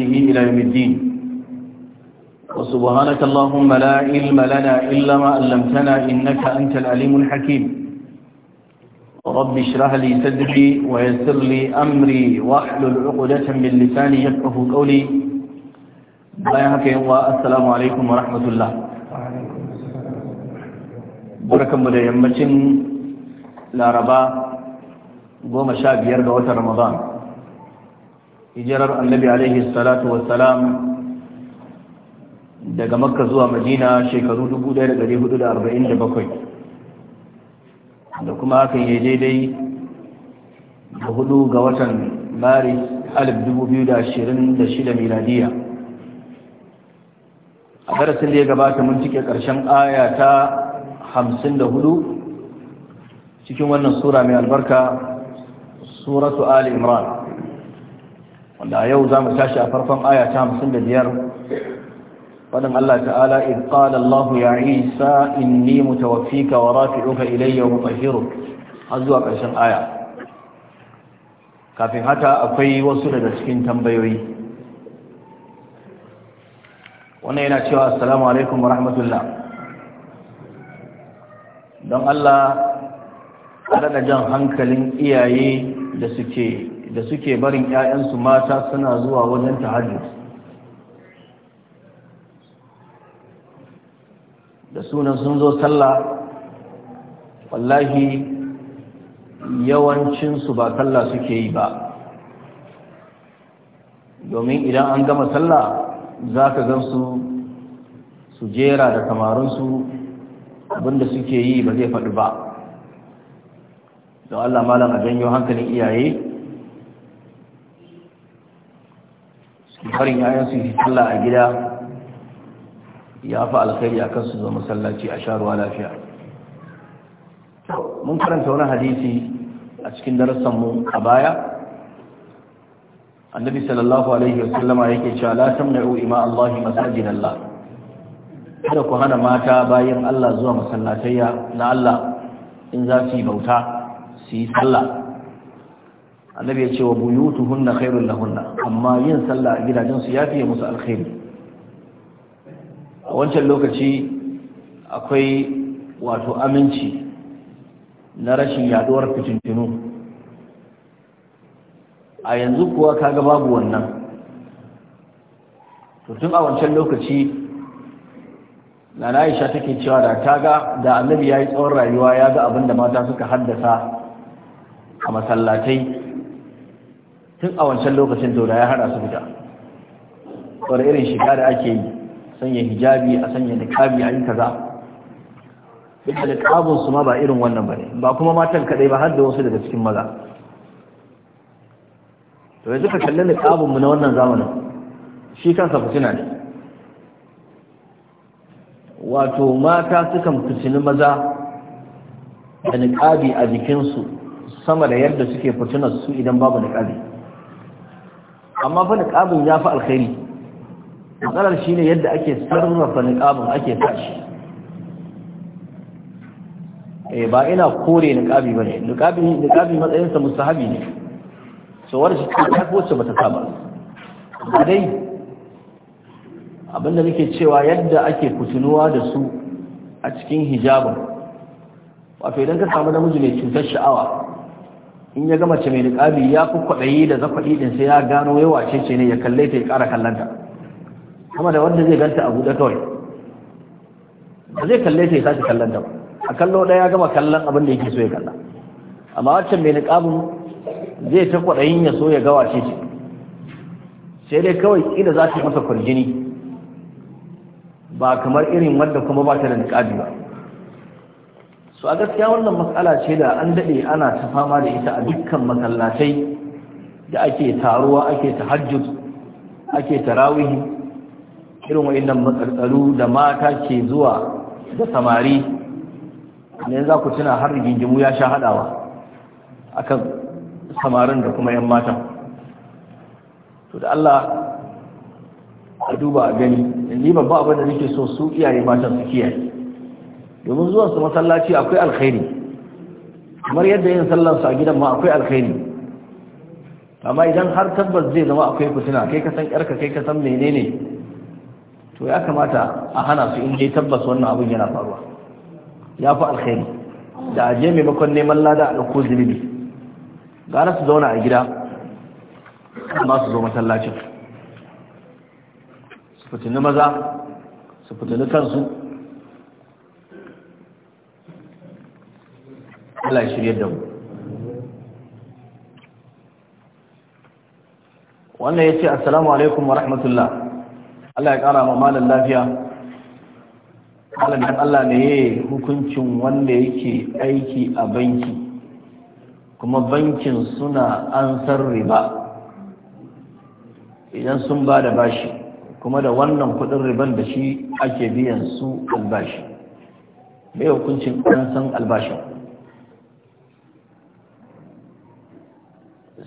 ونعمته إلى يوم الدين وسبحانك اللهم لا علم لنا إلا ما علمتنا إنك أنت العليم الحكيم رب اشرح لي صدري ويسر لي أمري واحلل عقدة من لساني يفقه قولي بياك والسلام عليكم ورحمة الله بركم da yammacin لا ربا sha biyar ga watan ramadan hijirar annabi alaihi salatu wassalam daga makka zuwa madina shekaru 1447 da kuma hakan ya daidai da hudu ga watan maris 2026 miladiya a darasin da ya gabata mun cike karshen aya ta 54 cikin wannan sura mai albarka suratu ali imran wanda a yau za mu tashi a farkon aya ta hamsin da biyar faɗin Allah ta'ala in qala Allah ya Isa inni mutawaffika wa rafi'uka ilayya wa mutahhiruk har zuwa ƙarshen aya kafin haka akwai wasu daga cikin tambayoyi wannan yana cewa assalamu alaikum wa rahmatullah don Allah a jan hankalin iyaye da suke da suke barin 'ya'yansu mata suna zuwa wajen tahajjud da sunan sun zo sallah wallahi yawancinsu ba sallah suke yi ba domin idan an gama sallah za ka gansu su jera da kamarinsu abinda suke yi ba zai faɗi ba don allah malam a janyo hankalin iyaye Marin yayan su yi sallah a gida ya fi alkhairi a kansu zuwa masallaci a sha lafiya mun karanta wani hadisi a cikin mu a baya annabi sallallahu alaihi wasallama yake cewa la tamna'u ima Allah masajid Allah kada ku hana mata bayan Allah zuwa masallatayya na Allah in za su yi bauta su yi sallah annabi ya ce wa hunna khairul lahunna amma yin sallah a gidajen su yafi musu alkhairi a wancan lokaci akwai wato aminci na rashin yaduwar fitintinu a yanzu kuwa kaga babu wannan to tun a wancan lokaci na Aisha take cewa da ta ga da annabi ya yi tsawon rayuwa ya ga abin da mata suka haddasa a masallatai tun a wancan lokacin da ya hada su fita wani irin shiga da ake yi sanya hijabi a sanya kabi a yi kaza duk da kabun su ma ba irin wannan bane ba kuma matan kadai ba har da wasu daga cikin maza to yanzu ka kalli da kabinmu na wannan zamanin shi kansa fitina ne wato mata sukan fitini maza da niƙabi a jikinsu sama da yadda suke fitinar su idan babu niƙabi. amma fa niqabin ya fi alkhairi matsalar shine yadda ake sarrafa niqabin ake tashi eh ba ina kore niqabi bane niqabi niqabi matsayin sa mustahabi ne so war shi ta kowace bata saba dai abinda nake cewa yadda ake kutunuwa da su a cikin hijabin wato idan ka samu namiji mai cutar sha'awa in ya gama ce mai liƙabi ya fi kwaɗayi da zafaɗi ɗin sai ya gano yawa ce ce ne ya kalle ta ya ƙara kallanta kuma da wanda zai ganta a buɗe kawai ba zai kalle ta ya sake kallanta ba a kallo ɗaya ya gama kallon abin da yake so ya kalla amma waccan mai liƙabin zai ta kwaɗayin ya so ya ga wace ce sai dai kawai ƙila za ta yi masa kwarjini ba kamar irin wanda kuma ba ta da niƙabi ba su a gaskiya wannan matsala ce da an daɗe ana ta fama da ita a dukkan masallatai da ake taruwa ake ta tahajjud ake ta rawihi irin wa'annan matsaltsalu da mata ke zuwa da samari ne za ku tuna har rigingimu ya sha haɗawa kan samarin da kuma 'yan matan to da Allah a duba a gani ni babba abin da nake so su iyaye matan su kiyaye domin zuwan su masallaci akwai alkhairi kamar yadda yin sallar su a gidan ma akwai alkhairi amma idan har tabbas zai zama akwai fitina kai ka yarka kai ka menene to ya kamata a hana su in dai tabbas wannan abin yana faruwa ya fi alkhairi da aje maimakon neman lada a ɗauko zunubi gara su zauna a gida amma su zo masallacin su fitini maza su fitini kansu Allah shirye da mu wannan ya ce assalamu alaikum wa rahmatullah Allah ya kara ma malam lafiya Malamin dan Allah ne ya hukuncin wanda yake aiki a banki kuma bankin suna ansar riba idan sun ba da bashi kuma da wannan kudin riban da shi ake biyan su albashi bai hukuncin an albashin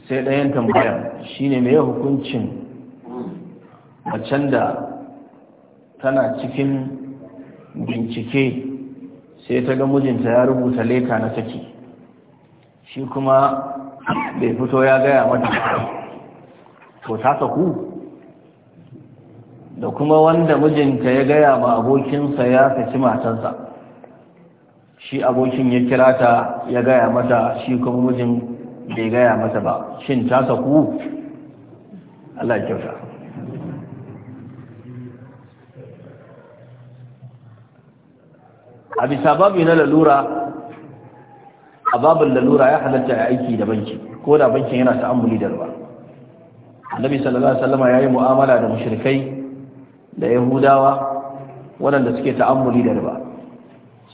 sai ɗayan tambaya shine mai hukuncin macen da tana cikin bincike sai ta ga mijinta ya rubuta leta na saki shi kuma bai fito ya gaya mata to ta saku da kuma wanda mijinta ya gaya ma abokinsa ya saki matarsa shi abokin ya kira ta ya gaya mata shi kuma mijin bai gaya masa ba shin ta saku Allah ya kyauta a bisa babu na lalura a babin lalura ya halatta ya aiki da banki ko da bankin yana ta'ammuli da ruwa annabi sallallahu alaihi wasallam yayi mu'amala da mushrikai da yahudawa waɗanda suke ta'ammuli da ruwa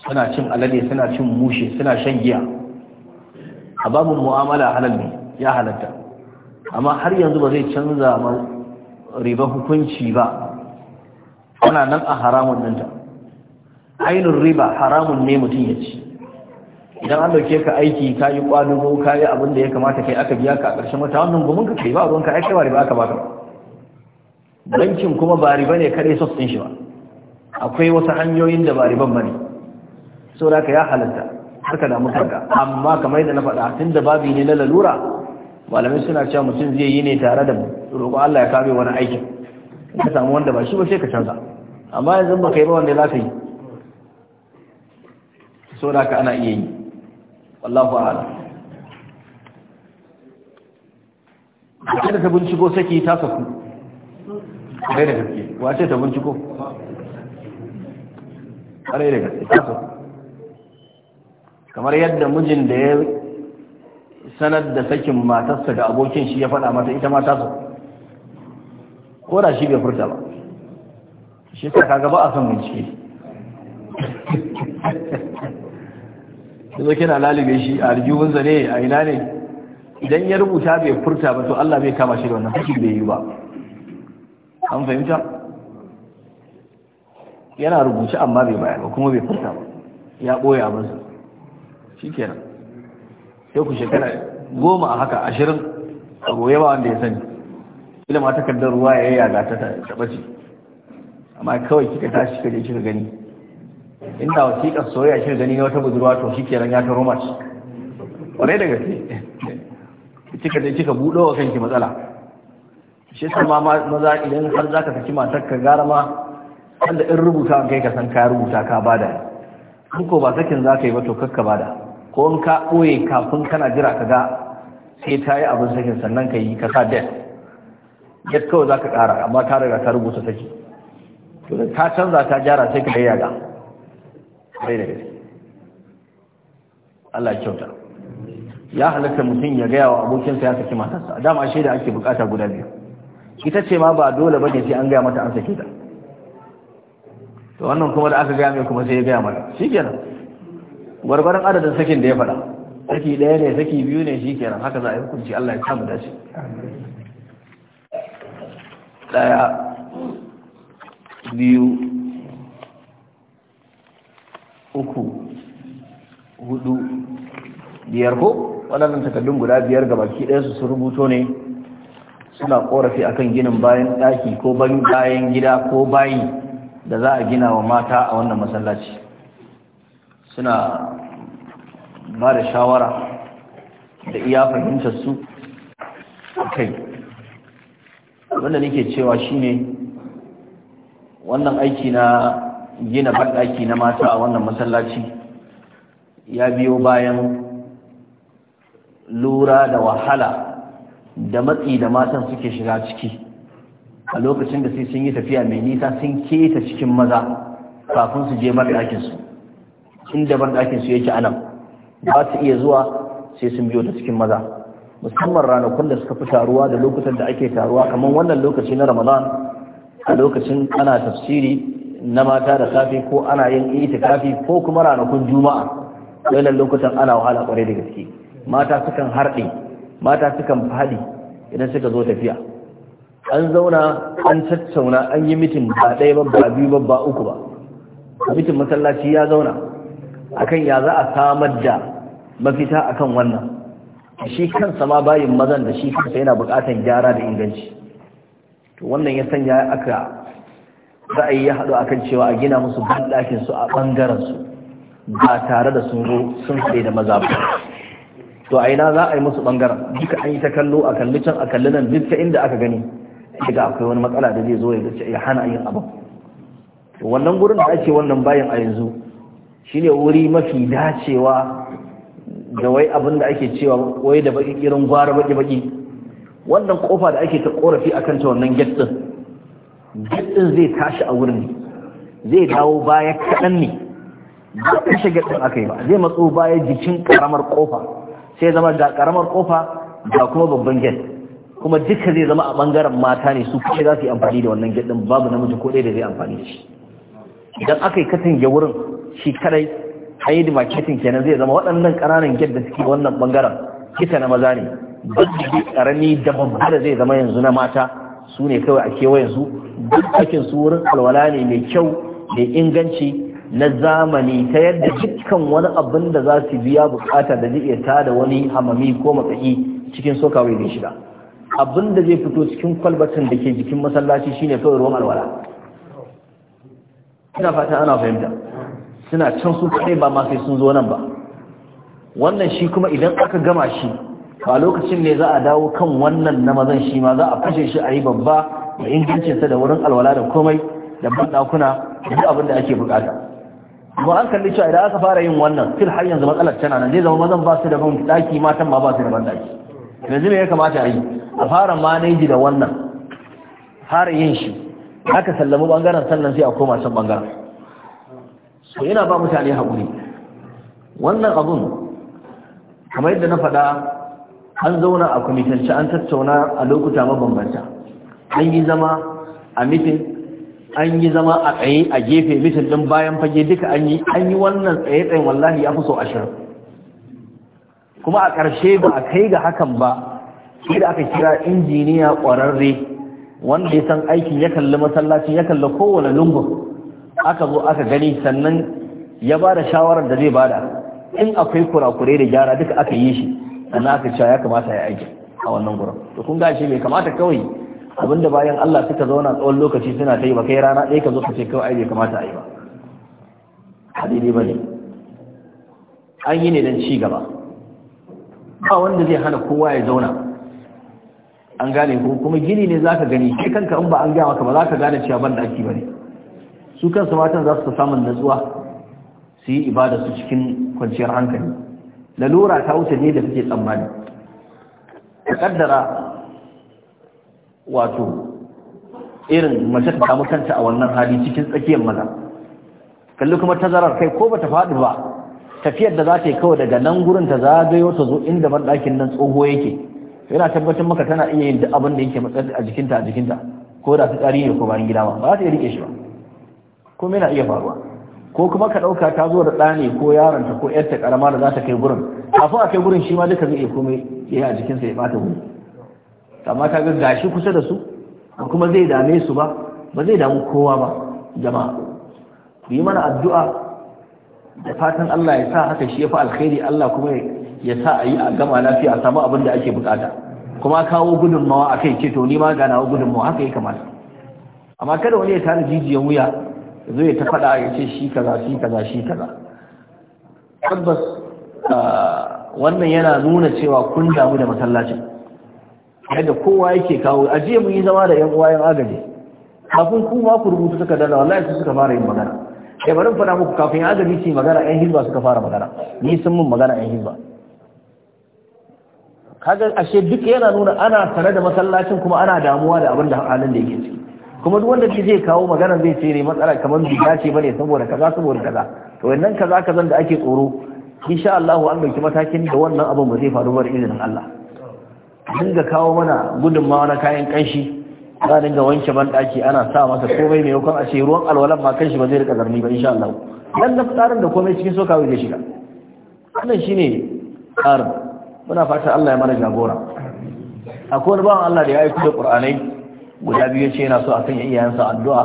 suna cin alade suna cin mushe suna shan giya a babin mu'amala halal ne ya halatta amma har yanzu ba zai canza ma riba hukunci ba ana nan a haramun ɗinta ainihin riba haramun ne mutum ya ci idan an dauke ka aiki ka yi ko ka yi abin da ya kamata kai aka biya ka a ƙarshen wata wannan gumin ka kai ba ruwan ka aikawa ba riba aka baka bankin kuma ba riba ne kare sos ɗin shi ba akwai wasu hanyoyin da ba riban ba ne saboda ka ya halatta haka da kanka amma kamar yadda na faɗa tun da babi ne na lalura malamai suna cewa mutum zai yi ne tare da roƙo Allah ya kame wani aiki ka samu wanda ba shi ba sai ka canza amma yanzu ba kai ba wanda za ka yi so da ka ana iya yi wallahu a'ala da ta binciko saki ta saku kai da gaske wace ta binciko kare da gaske ta saku kamar yadda mijin da ya sanar da sakin matarsa ga abokin shi ya faɗa mata ita mata su ko da shi bai furta ba shi ka kaga ba a son bincike yanzu kina lalibe shi a aljihunsa ne a ina ne idan ya rubuta bai furta ba to Allah bai kama shi da wannan haƙi bai yi ba an fahimta yana rubuce amma bai bayar ba kuma bai furta ba ya ɓoye abinsa shikenan sai ku shekara goma a haka ashirin a goye ba wanda ya sani ila ma takardar ruwa ya yaga ta taɓa ce amma kawai kika tashi kika je kika gani inda wasiƙar soyayya kika gani na wata budurwa to shikenan ya ta roma ci ƙwarai da gaske kika je kika buɗo wa kanki matsala shi yasa ma maza idan har zaka saki matar ka gara ma wanda in rubuta an kai ka san ka rubuta ka bada in ko ba sakin zaka yi ba to kakka bada ko in ka ɓoye kafin kana jira ka ga sai ta yi abin sakin sannan ka yi ka sa det Yadda kawai za ka ƙara amma ta riga ta rubuta saki to da ta canza ta gyara sai ka bayyana sai da gaske Allah kyauta ya halatta mutum ya gaya wa abokinsa ya saki matarsa A dama shaida ake bukata guda biyu ita ce ma ba dole ba ne sai an gaya mata an sake ta to wannan kuma da aka gaya mai kuma sai ya gaya mata shikenan gwargwaron adadin sakin da ya fada saki ɗaya ne saki biyu ne shi kenan haka za a yi hukunci Allah ya samu dace ɗaya biyu uku hudu biyar ko waɗannan takaddun guda biyar ga baki ɗaya su rubuto ne suna ƙorafi akan ginin bayan ɗaki ko bayan gida ko bayi da za a gina wa mata a wannan masallaci suna ba da shawara da iya fahimtar su kai wanda nake cewa shine wannan aiki na gina banɗaki na mata a wannan masallaci ya biyo bayan lura da wahala da matsi da matan suke shiga ciki a lokacin da sai sun yi tafiya mai nisa sun keta cikin maza kafin su je su. inda ban ɗakin su yake anan ba su iya zuwa sai sun biyo ta cikin maza musamman ranakun da suka fi taruwa da lokutan da ake taruwa kamar wannan lokaci na ramadan a lokacin ana tafsiri na mata da safe ko ana yin ita-kafi, ko kuma ranakun juma'a wannan lokutan ana wahala kwarai da gaske mata sukan harɗe mata sukan faɗi idan suka zo tafiya an zauna an tattauna an yi mitin ba ɗaya ba ba biyu ba ba uku ba mitin masallaci ya zauna akan ya za a samar da mafita akan wannan shi kansa ma bayin mazan da shi kansa yana bukatan gyara da inganci to wannan ya sanya aka ra'ayi ya haɗu akan cewa a gina musu banɗakin su a ɓangaren su ba tare da sun sun sai da maza ba to a ina za a yi musu ɓangaren duka an yi ta kallo a kalli can a kalli nan duka inda aka gani ga akwai wani matsala da zai zo ya hana yin abin wannan gurin da ake wannan bayan a yanzu shine wuri mafi dacewa da wai abin da ake cewa wai da baki irin gwara baki baki wannan kofa da ake ta korafi akan ta wannan gate din gate din zai tashi a wurin zai dawo baya kaɗan ne ba ta shiga din akai ba zai matso baya jikin karamar kofa sai zama ga karamar kofa ga kuma babban gate kuma duka zai zama a bangaren mata ne su kuma za su yi amfani da wannan gate din babu namiji ko dai da zai amfani da shi idan aka yi katange wurin shi kadai yi marketing kenan zai zama waɗannan ƙananan gyar da suke wannan ɓangaren. kita na maza ne ba su karami da babba da zai zama yanzu na mata su ne kawai a kewayen su duk aikin su wurin alwala ne mai kyau mai inganci na zamani ta yadda dukkan wani abin da za su biya bukata da zai iya da wani hamami ko matsayi cikin sokawai zai shiga abin da zai fito cikin kwalbatin da ke jikin masallaci shine kawai ruwan alwala ina fata ana fahimta suna can su kaɗai ba ma sai sun zo nan ba wannan shi kuma idan aka gama shi ba lokacin ne za a dawo kan wannan na mazan shi ma za a fashe shi a yi babba da ingancinsa da wurin alwala da komai da banɗakuna duk abin da ake bukata kuma an kalli cewa idan aka fara yin wannan fil har yanzu matsalar tana nan zai zama mazan ba su da ban daki matan ma ba su da ban daki yanzu me ya kamata a yi a fara maneji da wannan fara yin shi aka sallami bangaren sannan sai a koma can bangaren to yana ba mutane hakuri. wannan abun kamar yadda na faɗa an zauna a kwamitanci an tattauna a lokuta mabambanta an yi zama a mitin an yi zama a tsaye a gefe mitin ɗin bayan fage duka an yi wannan tsaye-tsayen wallahi ya fi so ashirin kuma a ƙarshe ba a kai ga hakan ba shi da aka kira injiniya ƙwararre wanda ya san aikin ya kalli masallacin ya kalli kowane lungun aka zo aka gani sannan ya ba da shawarar da zai bada in akwai kurakurai da gyara duka aka yi shi sannan aka cewa ya kamata ya aiki a wannan gurin to kun gashi mai kamata kawai abinda bayan Allah suka zauna tsawon lokaci suna ta yi ba kai rana ɗaya ka zo ka ce kawai ai bai kamata a yi ba hadidi bane an yi ne don ci gaba ba wanda zai hana kowa ya zauna an gane ko kuma gini ne zaka gani kai kanka in ba an gaya maka ba zaka gane cewa ban da aki bane su kansu matan za su samun natsuwa su yi ibada su cikin kwanciyar hankali lalura ta wuce ne da suke tsammani ta kaddara wato irin mace ta samu kanta a wannan hali cikin tsakiyar maza kalli kuma tazarar kai ko bata faɗi ba tafiyar da za ta yi kawai daga nan gurin ta zagayo ta zo inda banɗakin nan tsoho yake yana tabbatar maka tana iya yin duk abin da yake matsar a jikinta a jikinta ko da tsari ne ko bayan gida ba ba za ta iya rike shi ba kuma yana iya faruwa ko kuma ka ɗauka ta zo da ɗane ko yaronta ko yarta ƙarama da za ta kai gurin kafin a kai gurin shi ma duka zai iya komai ya a jikinsa ya ɓata wuri amma ka ga gashi kusa da su kuma zai dame su ba ba zai damu kowa ba jama'a ku yi mana addu'a da fatan Allah ya sa haka shi ya fi alkhairi Allah kuma ya sa a yi a gama lafiya a samu abin da ake bukata kuma kawo gudunmawa a kai ce to ni ma ga nawa gudunmawa haka ya kamata amma kada wani ya tara jijiyan wuya zai ta faɗa ya ce shi kaza shi kaza shi kaza tabbas wannan yana nuna cewa kun damu da masallacin yadda kowa yake kawo ajiye mun yi zama da yan uwayen agaji kafin ku ma ku rubutu suka dala wallahi su suka fara yin magana sai eh, bari faɗa muku kafin agaji ce magana yan hizba suka fara magana ni sun mun magana yan hizba kaga ashe duk yana nuna ana tare da masallacin kuma ana damuwa da abin da halin da yake ciki kuma duk wanda zai kawo magana zai ce ne matsala kamar bi ce bane saboda kaza saboda kaza to wannan kaza kazan da ake tsoro insha Allah an dauki matakin da wannan abin ba zai faru ba da izinin Allah dinga kawo mana gudunmawa na kayan kanshi za a dinga wanke ban daki ana sa masa komai mai yakon a ce ruwan alwalan ma kanshi ba zai rika zarni ba insha Allah dan da tsarin da komai cikin so zai shiga wannan shine tsarin muna fata Allah ya mana jagora akwai wani bawan Allah da ya aiko da Qur'anai guda biyu ce yana so a kan iyayensa addu'a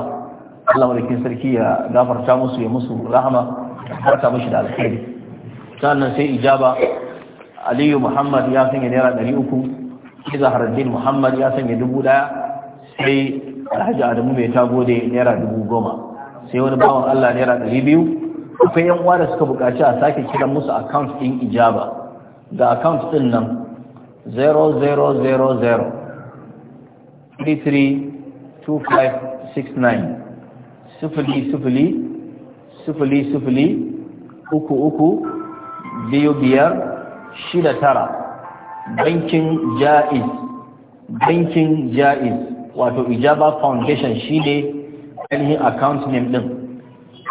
Allah madaukin sarki ya gafarta musu ya musu rahama harta mushi da alkhairi sannan sai ijaba Aliyu Muhammad ya sanya naira 300 Izharuddin Muhammad ya sanya dubu ɗaya. sai Alhaji Adamu mai tagode naira goma. sai wani bawan Allah naira biyu. akwai yan uwa da suka buƙaci a sake kiran musu account ɗin ijaba ga account ɗin nan 0000 332569 sifili sifili sifili sifili uku uku biyu biyar shida tara bankin ja'iz bankin ja'iz wato ijaba foundation shi ne ainihin account name din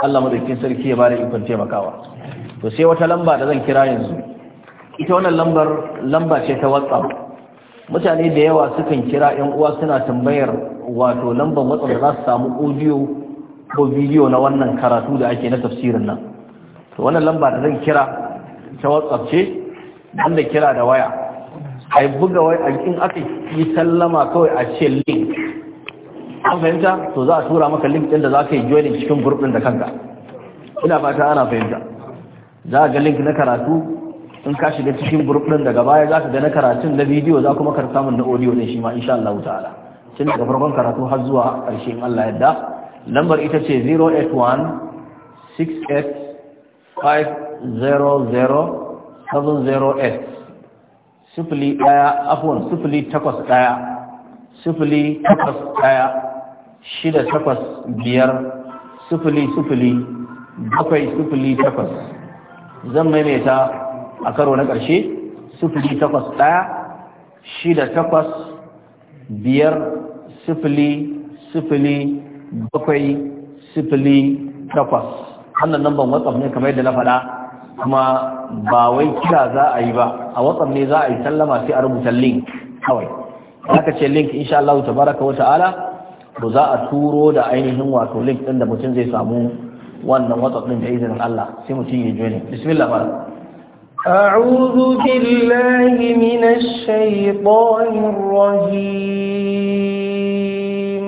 Allah madaukin sarki ya ba da ikon taimakawa to sai wata lamba da zan kira yanzu ita wannan lambar lamba ce ta whatsapp mutane da yawa sukan kira yan uwa suna tambayar wato lambar WhatsApp da za su samu audio ko video na wannan karatu da ake na tafsirin nan to wannan lamba da zan kira ta WhatsApp ce wanda kira da waya ai buga wai in aka yi sallama kawai a ce link an fahimta to za a tura maka link din da za ka yi joining cikin group din da kanka ina fata ana fahimta za a ga link na karatu in ka shiga cikin group din daga baya za ka ga na karatun na bidiyo za kuma ka samun na audio ne shi ma insha Allah ta'ala tun daga farkon karatu har zuwa ƙarshe in Allah yadda lambar ita ce 081 68500708 sufili ɗaya afuwan sufili takwas ɗaya sufili takwas ɗaya shida takwas biyar sufili sufili bakwai sufili takwas zan maimaita a karo na ƙarshe sifili takwas ɗaya shida takwas biyar sifili sifili bakwai sifili takwas wannan lambar whatsapp ne kamar yadda na faɗa kuma ba wai kira za a yi ba a whatsapp ne za a yi sallama sai a rubuta link kawai aka ce link insha Allah tabaraka wa ta'ala to za a turo da ainihin wato link ɗin da mutum zai samu wannan whatsapp ɗin da izinin Allah sai mutum ya join bismillah أعوذ بالله من الشيطان الرجيم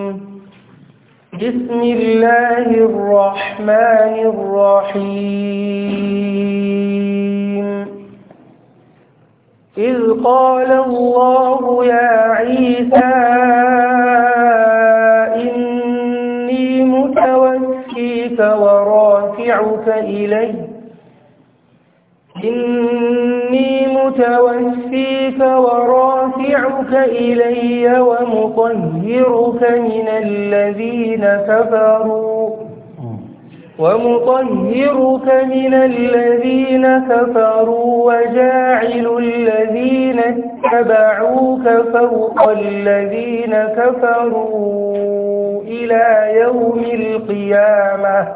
بسم الله الرحمن الرحيم إذ قال الله يا عيسى إني متوفيك ورافعك إليّ إني متوفيك ورافعك إلي ومطهرك من الذين كفروا ومطهرك من الذين كفروا وجاعل الذين اتبعوك فوق الذين كفروا إلى يوم القيامة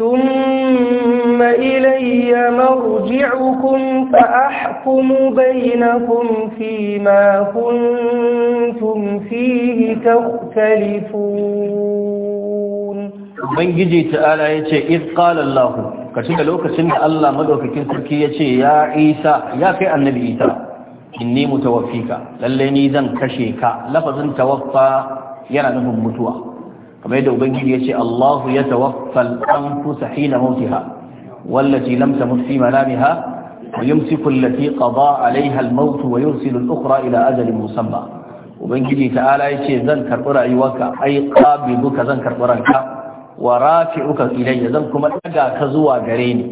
ثم إلي مرجعكم فأحكم بينكم فيما كنتم فيه تختلفون Ubangiji ta'ala ya ce, "Iz ƙala Allah, ka cika lokacin da Allah madaukakin sarki ya ce, "Ya Isa, ya kai annabi Isa, inni mutawaffika, lalle ni zan kashe ka, lafazin tawaffa yana nufin mutuwa." kamar yadda ubangiji ya ce Allahu ya tawaffal anfusa hina mautiha wallati lam tamut fi manamiha wa yumsiku allati qada alaiha al wa yursilu al-ukhra ila ajalin musamma ubangiji ta'ala ya ce zan karbi rayuwarka ai qabiduka zan karɓi ranka wa rafi'uka ilayya zan kuma daga ka zuwa gare ni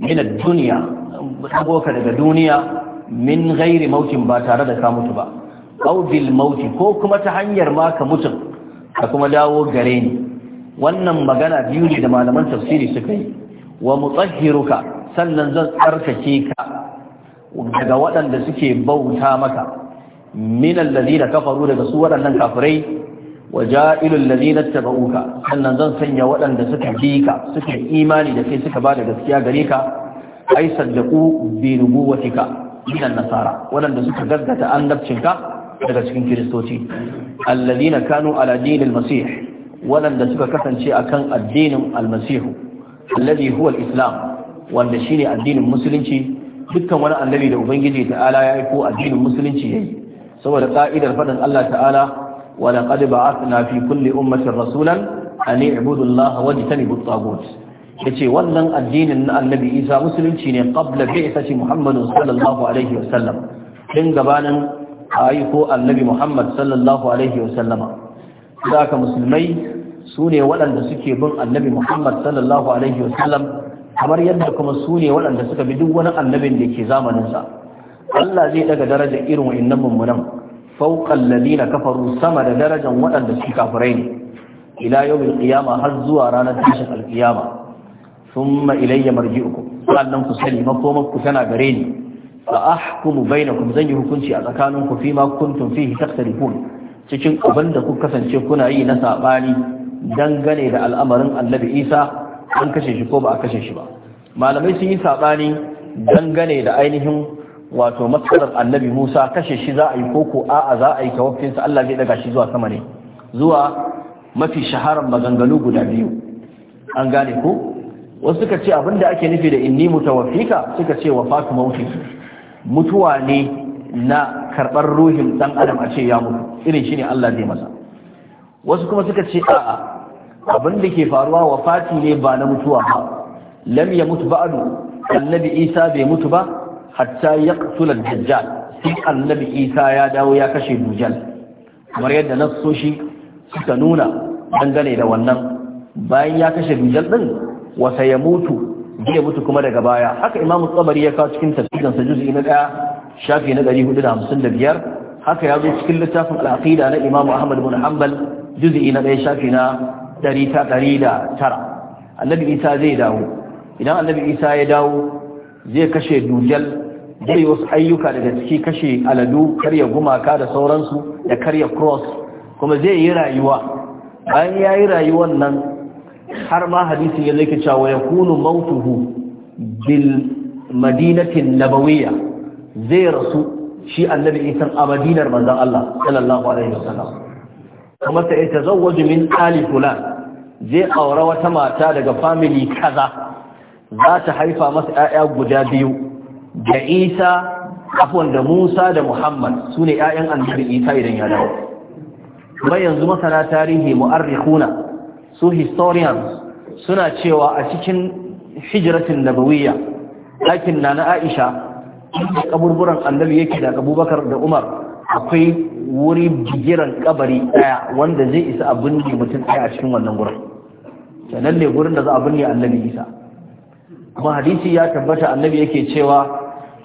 min ad-dunya dagoka daga duniya min ghairi mautin ba tare da ka mutu ba aw bil mauti ko kuma ta hanyar ma ka mutu ka kuma dawo gare ni wannan magana biyu ne da malaman tafsiri suka yi wa mutahhiruka sannan zan tsarkake ka daga waɗanda suke bauta maka min alladhina kafaru daga su waɗannan kafirai wa ja'ilul ladina tabauka sannan zan sanya waɗanda suka bi ka suka imani da kai suka ba da gaskiya gare ka ai saddaqu bi nubuwatika min nasara waɗanda suka gaggata annabcinka daga cikin kiristoci na kanu ala dinil masih waɗanda suka kasance a kan addinin almasihu alladhi huwa islam wanda shine addinin musulunci dukkan wani annabi da ubangiji ta'ala ya aiko addinin musulunci yayi saboda ka'idar faɗin Allah ta'ala wa laqad ba'athna fi kulli ummatin rasulan an i'budu Allah wa tajtanibu at-taghut yace wannan addinin na annabi Isa musulunci ne qabla bi'sati Muhammadin sallallahu alaihi sallam. din gabanin aiko annabi Muhammad sallallahu alaihi wasallama zaka musulmai su ne waɗanda suke bin annabi Muhammad sallallahu alaihi sallam? kamar yadda kuma su ne waɗanda suka bi duk wani annabin da ke zamaninsa Allah zai daga darajar irin wa'annan mummunan fauqal ladina kafaru sama da darajar waɗanda suke kafirai ne ila yawmil qiyama har zuwa ranar tashin alqiyama thumma ilayya marji'ukum sannan ku sani makomar ku tana gare ni fa ahkumu bainakum zan yi hukunci a tsakaninku fi ma kuntum fihi takhtalifun cikin abin da ku kasance kuna yi na sabani dangane da al'amarin Annabi Isa an kashe shi ko ba a kashe shi ba malamai sun yi sabani dangane da ainihin wato matsalar Annabi Musa kashe shi za a yi koko a'a za a yi tawaffin sa Allah zai daga shi zuwa sama ne zuwa mafi shaharar maganganu guda biyu an gane ko wasu suka ce abinda ake nufi da inni mutawaffika suka ce wafatu mautin mutuwa ne na karɓar ruhin ɗan adam a ce ya mutu irin shi ne Allah zai masa wasu kuma suka ce a'a abin da ke faruwa wa fati ne ba na mutuwa ba lam ya mutu ba'adu annabi isa bai mutu ba hatta ya qatula dajjal sai annabi isa ya dawo ya kashe dujal kamar yadda nassoshi suka nuna dangane da wannan bayan ya kashe dujal din ya mutu. zai mutu kuma daga baya haka imam tsabari ya kawo cikin tafsirin sa juz'i na daya shafi na 455 haka ya zo cikin littafin al-aqida na imam ahmad ibn hanbal juz'i na daya shafi na 109 annabi isa zai dawo idan annabi isa ya dawo zai kashe dujal zai wasu ayyuka daga ciki kashe aladu karya gumaka da sauransu da karya cross kuma zai yi rayuwa bayan ya yi rayuwan nan har ma hadisi ya zai cewa wa yakunu mautuhu bil madinatin nabawiyya zai rasu shi annabi isa a madinar manzon Allah sallallahu alaihi wasallam kuma sai ta zawwaju min ali fulan zai aure wata mata daga family kaza za ta haifa masa 'ya'ya guda biyu da Isa afwan da Musa da Muhammad sune 'ya'yan annabi Isa idan ya dawo kuma yanzu masana tarihi mu'arrikhuna su historians suna cewa a cikin hijiratin nabawiyya ɗakin na na aisha da kaburburan annabi yake da abubakar da umar akwai wuri bigiran kabari ɗaya wanda zai isa a binne mutum ɗaya a cikin wannan wurin, sannan ne da za a binne annabi isa kuma hadisi ya tabbata annabi yake cewa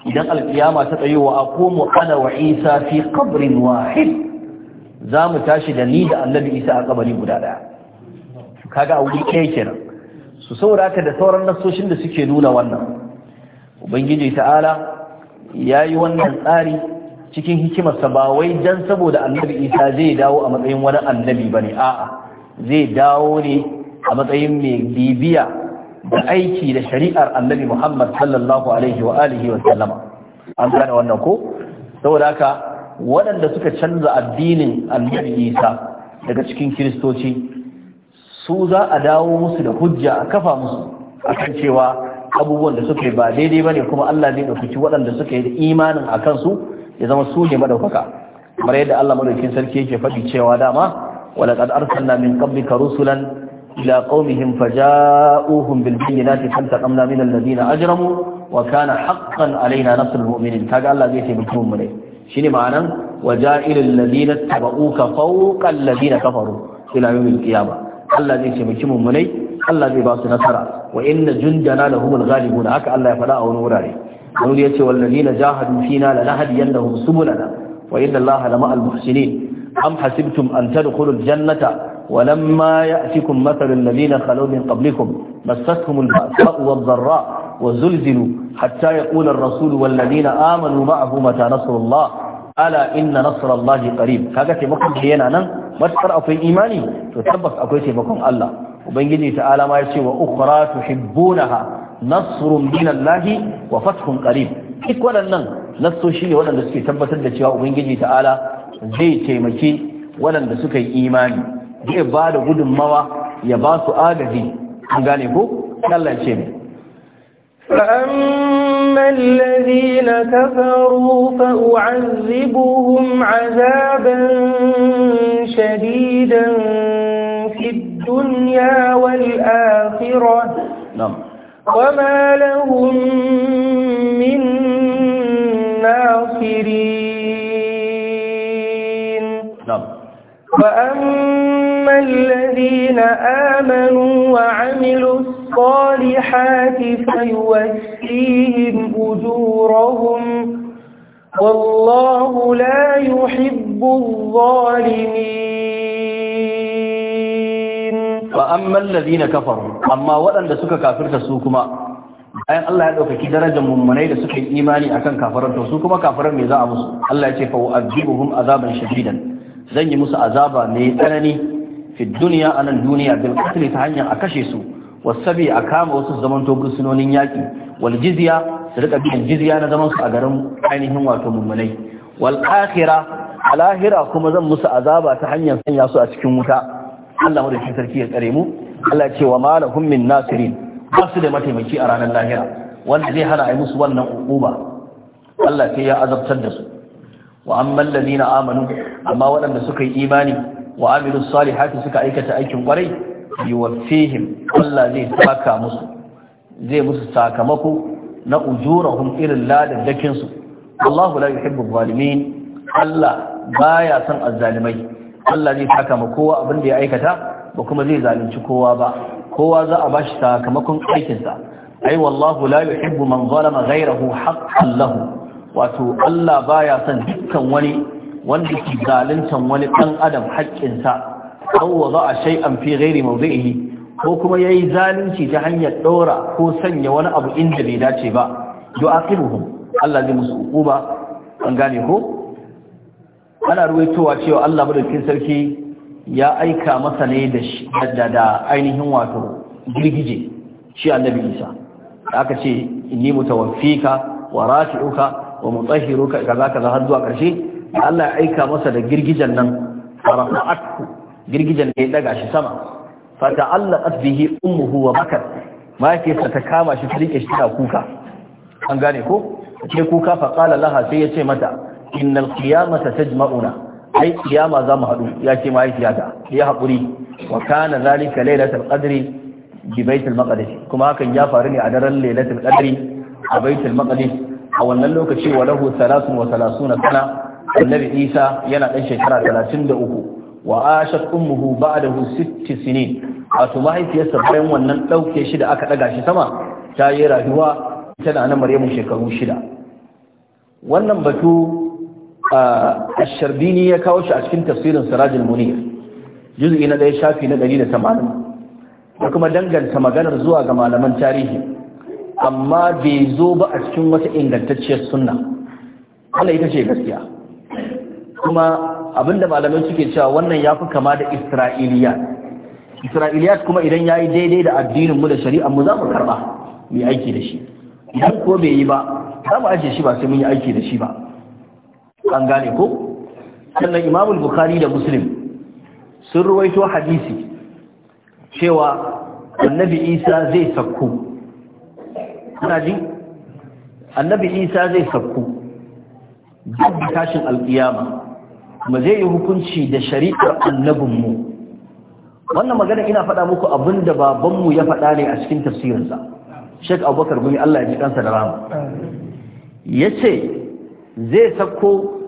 idan alkiyama ta tsayo wa mu ana wa isa fi qabrin wahid za mu tashi da ni da annabi isa a kabari guda ɗaya kaga a wuri ɗaya kenan su saboda haka da sauran nasoshin da suke nuna wannan ubangiji ta'ala ya yi wannan tsari cikin hikimarsa ba wai dan saboda annabi isa zai dawo a matsayin wani annabi ba ne a'a zai dawo ne a matsayin mai bibiya da aiki da shari'ar annabi muhammad sallallahu alaihi wa alihi wa sallama an gane wannan ko saboda haka waɗanda suka canza addinin annabi isa daga cikin kiristoci su za a dawo musu da hujja a kafa musu akan cewa abubuwan da suka yi ba daidai ba ne kuma Allah zai ɗauki waɗanda suka yi da imanin a kansu ya zama su ne madaukaka kamar yadda Allah madaukakin sarki yake faɗi cewa dama walaqad arsalna min qablika rusulan ila qaumihim faja'uhum bil bayyinati fantaqamna min alladhina ajramu wa kana haqqan alaina nasrul mu'minin kaga Allah zai taimaki mu ne shine ma'anan waja'ilul ladina tabauka fawqa alladhina kafaru ila yawmil qiyamah Allah zai taimaki mummunai Allah zai ba su nasara wa na jundana lahum alghalibun haka Allah ya faɗa a wani wurare wani ya ce wallahi na jahadu fina la nahdiyannahum subulana wa inna Allah la ma'al muhsinin am hasibtum an tadkhulul jannata wa lamma ya'tikum mathalul ladina khalaw min qablikum massatkum al-ba'sa wa ad-dharra wa zulzilu hatta yaqula ar-rasul wal ladina amanu ma'ahu mata nasrullah ala inna nasarallahi qarib kaga taimakon da yana nan matsar akwai imani to tabbas akwai taimakon Allah ubangiji ta'ala ma yace wa ukhra tuhibbunaha nasrun minallahi wa fathun qarib duk waɗannan nassoshi ne waɗanda suke tabbatar da cewa ubangiji ta'ala zai taimaki waɗanda suka yi imani zai ba da gudunmawa ya ba su agaji an gane ko Allah ya ce mai فأما الذين كفروا فأعذبهم عذابا شديدا في الدنيا والآخرة نعم وما لهم من ناصرين نعم وأما الذين آمنوا وعملوا الصالحات فيوفيهم أجورهم والله لا يحب الظالمين فأما الذين كفروا أما وأن سك كافر سوكما bayan Allah ya ɗaukaki darajar mummunai da suka yi imani akan kafaran to su kuma kafaran me za a musu Allah ya ce fa wa'adzibuhum azaban shadidan zan yi musu azaba mai tsanani fi a anan duniya bil qatl ta hanyar a kashe su wasabi a kama wasu zamanto gursunonin yaƙi wal jizya su rika biyan jizya na zaman su a garin ainihin wato mummunai wal akhira kuma zan musu azaba ta hanyar sanya su a cikin wuta Allah madaukakin sarki ya tsare mu Allah ce wa malahum min nasirin ba su da mataimaki a ranar lahira wanda zai hana a musu wannan uquba Allah sai ya azabtar da su wa amman ladina amanu amma waɗanda suka yi imani wa amilus salihati suka aikata aikin kwarai yuwaffihim Allah zai saka musu zai musu sakamako na ujurahum irin ladaddakin su Allahu la yuhibbu zalimin Allah baya son azzalimai Allah zai saka ma kowa abin da ya aikata ba kuma zai zalunci kowa ba kowa za a bashi sakamakon aikin sa ai wallahu la yuhibbu man zalama ghayrahu haqqan lahu wato Allah baya son dukkan wani wanda ke zaluntan wani dan adam haƙƙinsa aw wada'a shay'an fi ghairi mawdi'ihi ko kuma yayi zalunci ta hanyar ɗora ko sanya wani abu inda bai dace ba yu'aqibuhum Allah zai musu hukuma an gane ko ana ruwaitowa cewa Allah madaukakin sarki ya aika masa ne da da ainihin wato girgije shi annabi Isa aka ce inni mutawaffika wa rafi'uka wa mutahhiruka kaza kaza har zuwa karshe Allah ya aika masa da girgijen nan farafa'atku girgijen da ya daga shi sama fata Allah asbihi ummuhu wa bakar mahaifiyarsa ta kama shi ta rike shi ta kuka an gane ko ke kuka fa qala laha sai ya ce mata innal qiyamata tajma'una ai kiyama za mu hadu ya ce mahaifiyata ya hakuri wa kana zalika lailatul qadri bi baitul maqdis kuma hakan ya faru ne a daren lailatul qadri a baitul maqdis a wannan lokaci wa lahu 33 sana annabi Isa yana dan shekara 33 wa ashat ummuhu ba'dahu sitt sinin wato mahaifiyarsa bayan wannan dauke shi da aka daga shi sama ta yi rayuwa ta da ana maryamu shekaru shida wannan batu ash-sharbini ya kawo shi a cikin tafsirin sirajul munir juz'i na ɗaya shafi na 180 da kuma danganta maganar zuwa ga malaman tarihi amma bai zo ba a cikin wata ingantacciyar sunna Allah ita ce gaskiya kuma abinda malamai suke cewa wannan ya fi kama da isra'iliya isra'iliya kuma idan ya yi daidai da addinin mu da shari'ar mu za mu karɓa mu yi aiki da shi idan ko bai yi ba za mu ajiye shi ba sai mun yi aiki da shi ba an gane ko sannan imamul bukhari da muslim sun ruwaito hadisi cewa annabi isa zai sakku kuna ji annabi isa zai sakku duk tashin alkiyama Mu zai yi hukunci da shari'ar annabinmu wannan magana ina faɗa muku abin da babanmu ya faɗa ne a cikin tafsirinsa shek abubakar gumi allah ya ji ɗansa da rama ya ce zai sako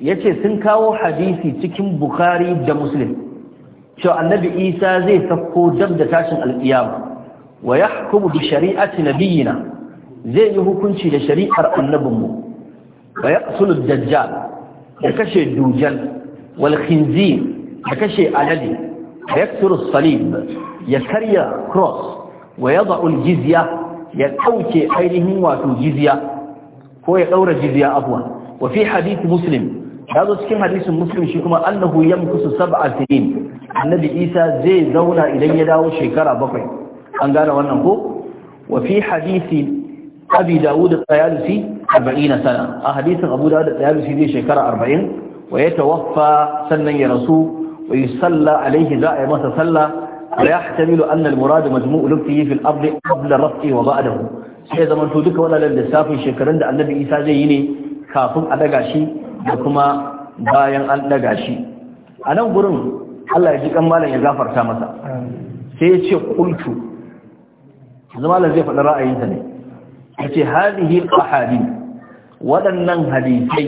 ya ce sun kawo hadisi cikin bukhari da muslim cewa annabi isa zai sako dab da tashin alƙiyama wa ya hukumu bi shari'ati biyina. zai yi hukunci da shari'ar annabinmu wa ya dajjal da kashe dujal wal khinzir da kashe alade da salib ya karya cross wa yada'u jizya ya dauke ainihin wato jizya ko ya daura jizya afwan wa fi muslim yazo cikin hadisin muslim shi kuma annahu yamkusu saba'a sinin annabi isa zai zauna idan ya dawo shekara bakwai an gane wannan ko wa fi hadisi abi dawud da tsayalusi 40 sana a hadisin abu dawud da tsayalusi zai shekara 40 wa ya tawaffa sannan ya rasu wa yusalla Alayhi za a yi masa sallah wa yahtamilu anna al-murad majmu'u lubtihi fil ardi qabla raf'i wa ba'dahu sai zaman to duka wannan lissafin shekarun da annabi isa zai yi ne kafin a daga shi da kuma bayan an daga shi a nan gurin Allah ya ji kan malam ya gafarta masa sai ya ce kultu zama zai faɗi ra'ayinsa ne yace hadhihi ahadith waɗannan hadisai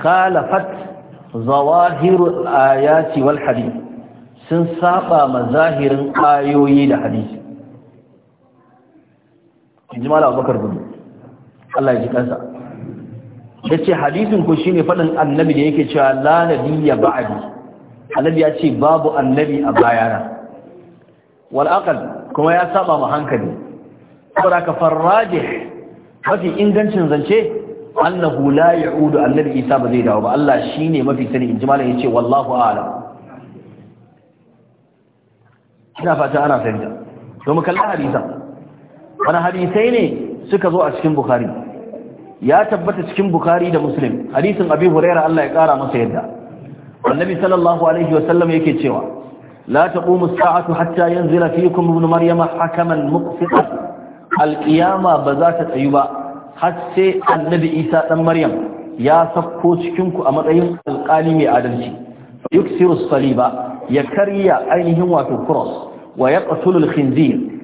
khalafat zawahirul ayati wal hadith sun saba mazahirin ayoyi da hadisi inji Abubakar gudu Allah ya ji kansa yace hadisin shi shine faɗin annabi da yake cewa la ya ba'di annabi ya ce babu annabi a bayana wal kuma ya saba ma hankali saboda ka farraje mafi ingancin zance annahu la ya'udu annabi isa ba zai dawo ba Allah shine mafi sani in ji malam yace wallahu a'lam ina fata ana fahimta to mu kalla hadisa wani hadisai ne suka zo a cikin bukhari ya tabbata cikin bukhari da muslim hadisin abi huraira Allah ya kara masa yadda annabi sallallahu alaihi wa wasallam yake cewa la taqumu as-sa'atu hatta yanzila fiikum ibn maryama hakaman muqsitan alƙiyama ba za ta tsayu ba har sai annabi isa ɗan maryam ya sakko cikinku a matsayin alƙali mai adalci yuksiru saliba ya karya ainihin wato cross wa ya qatul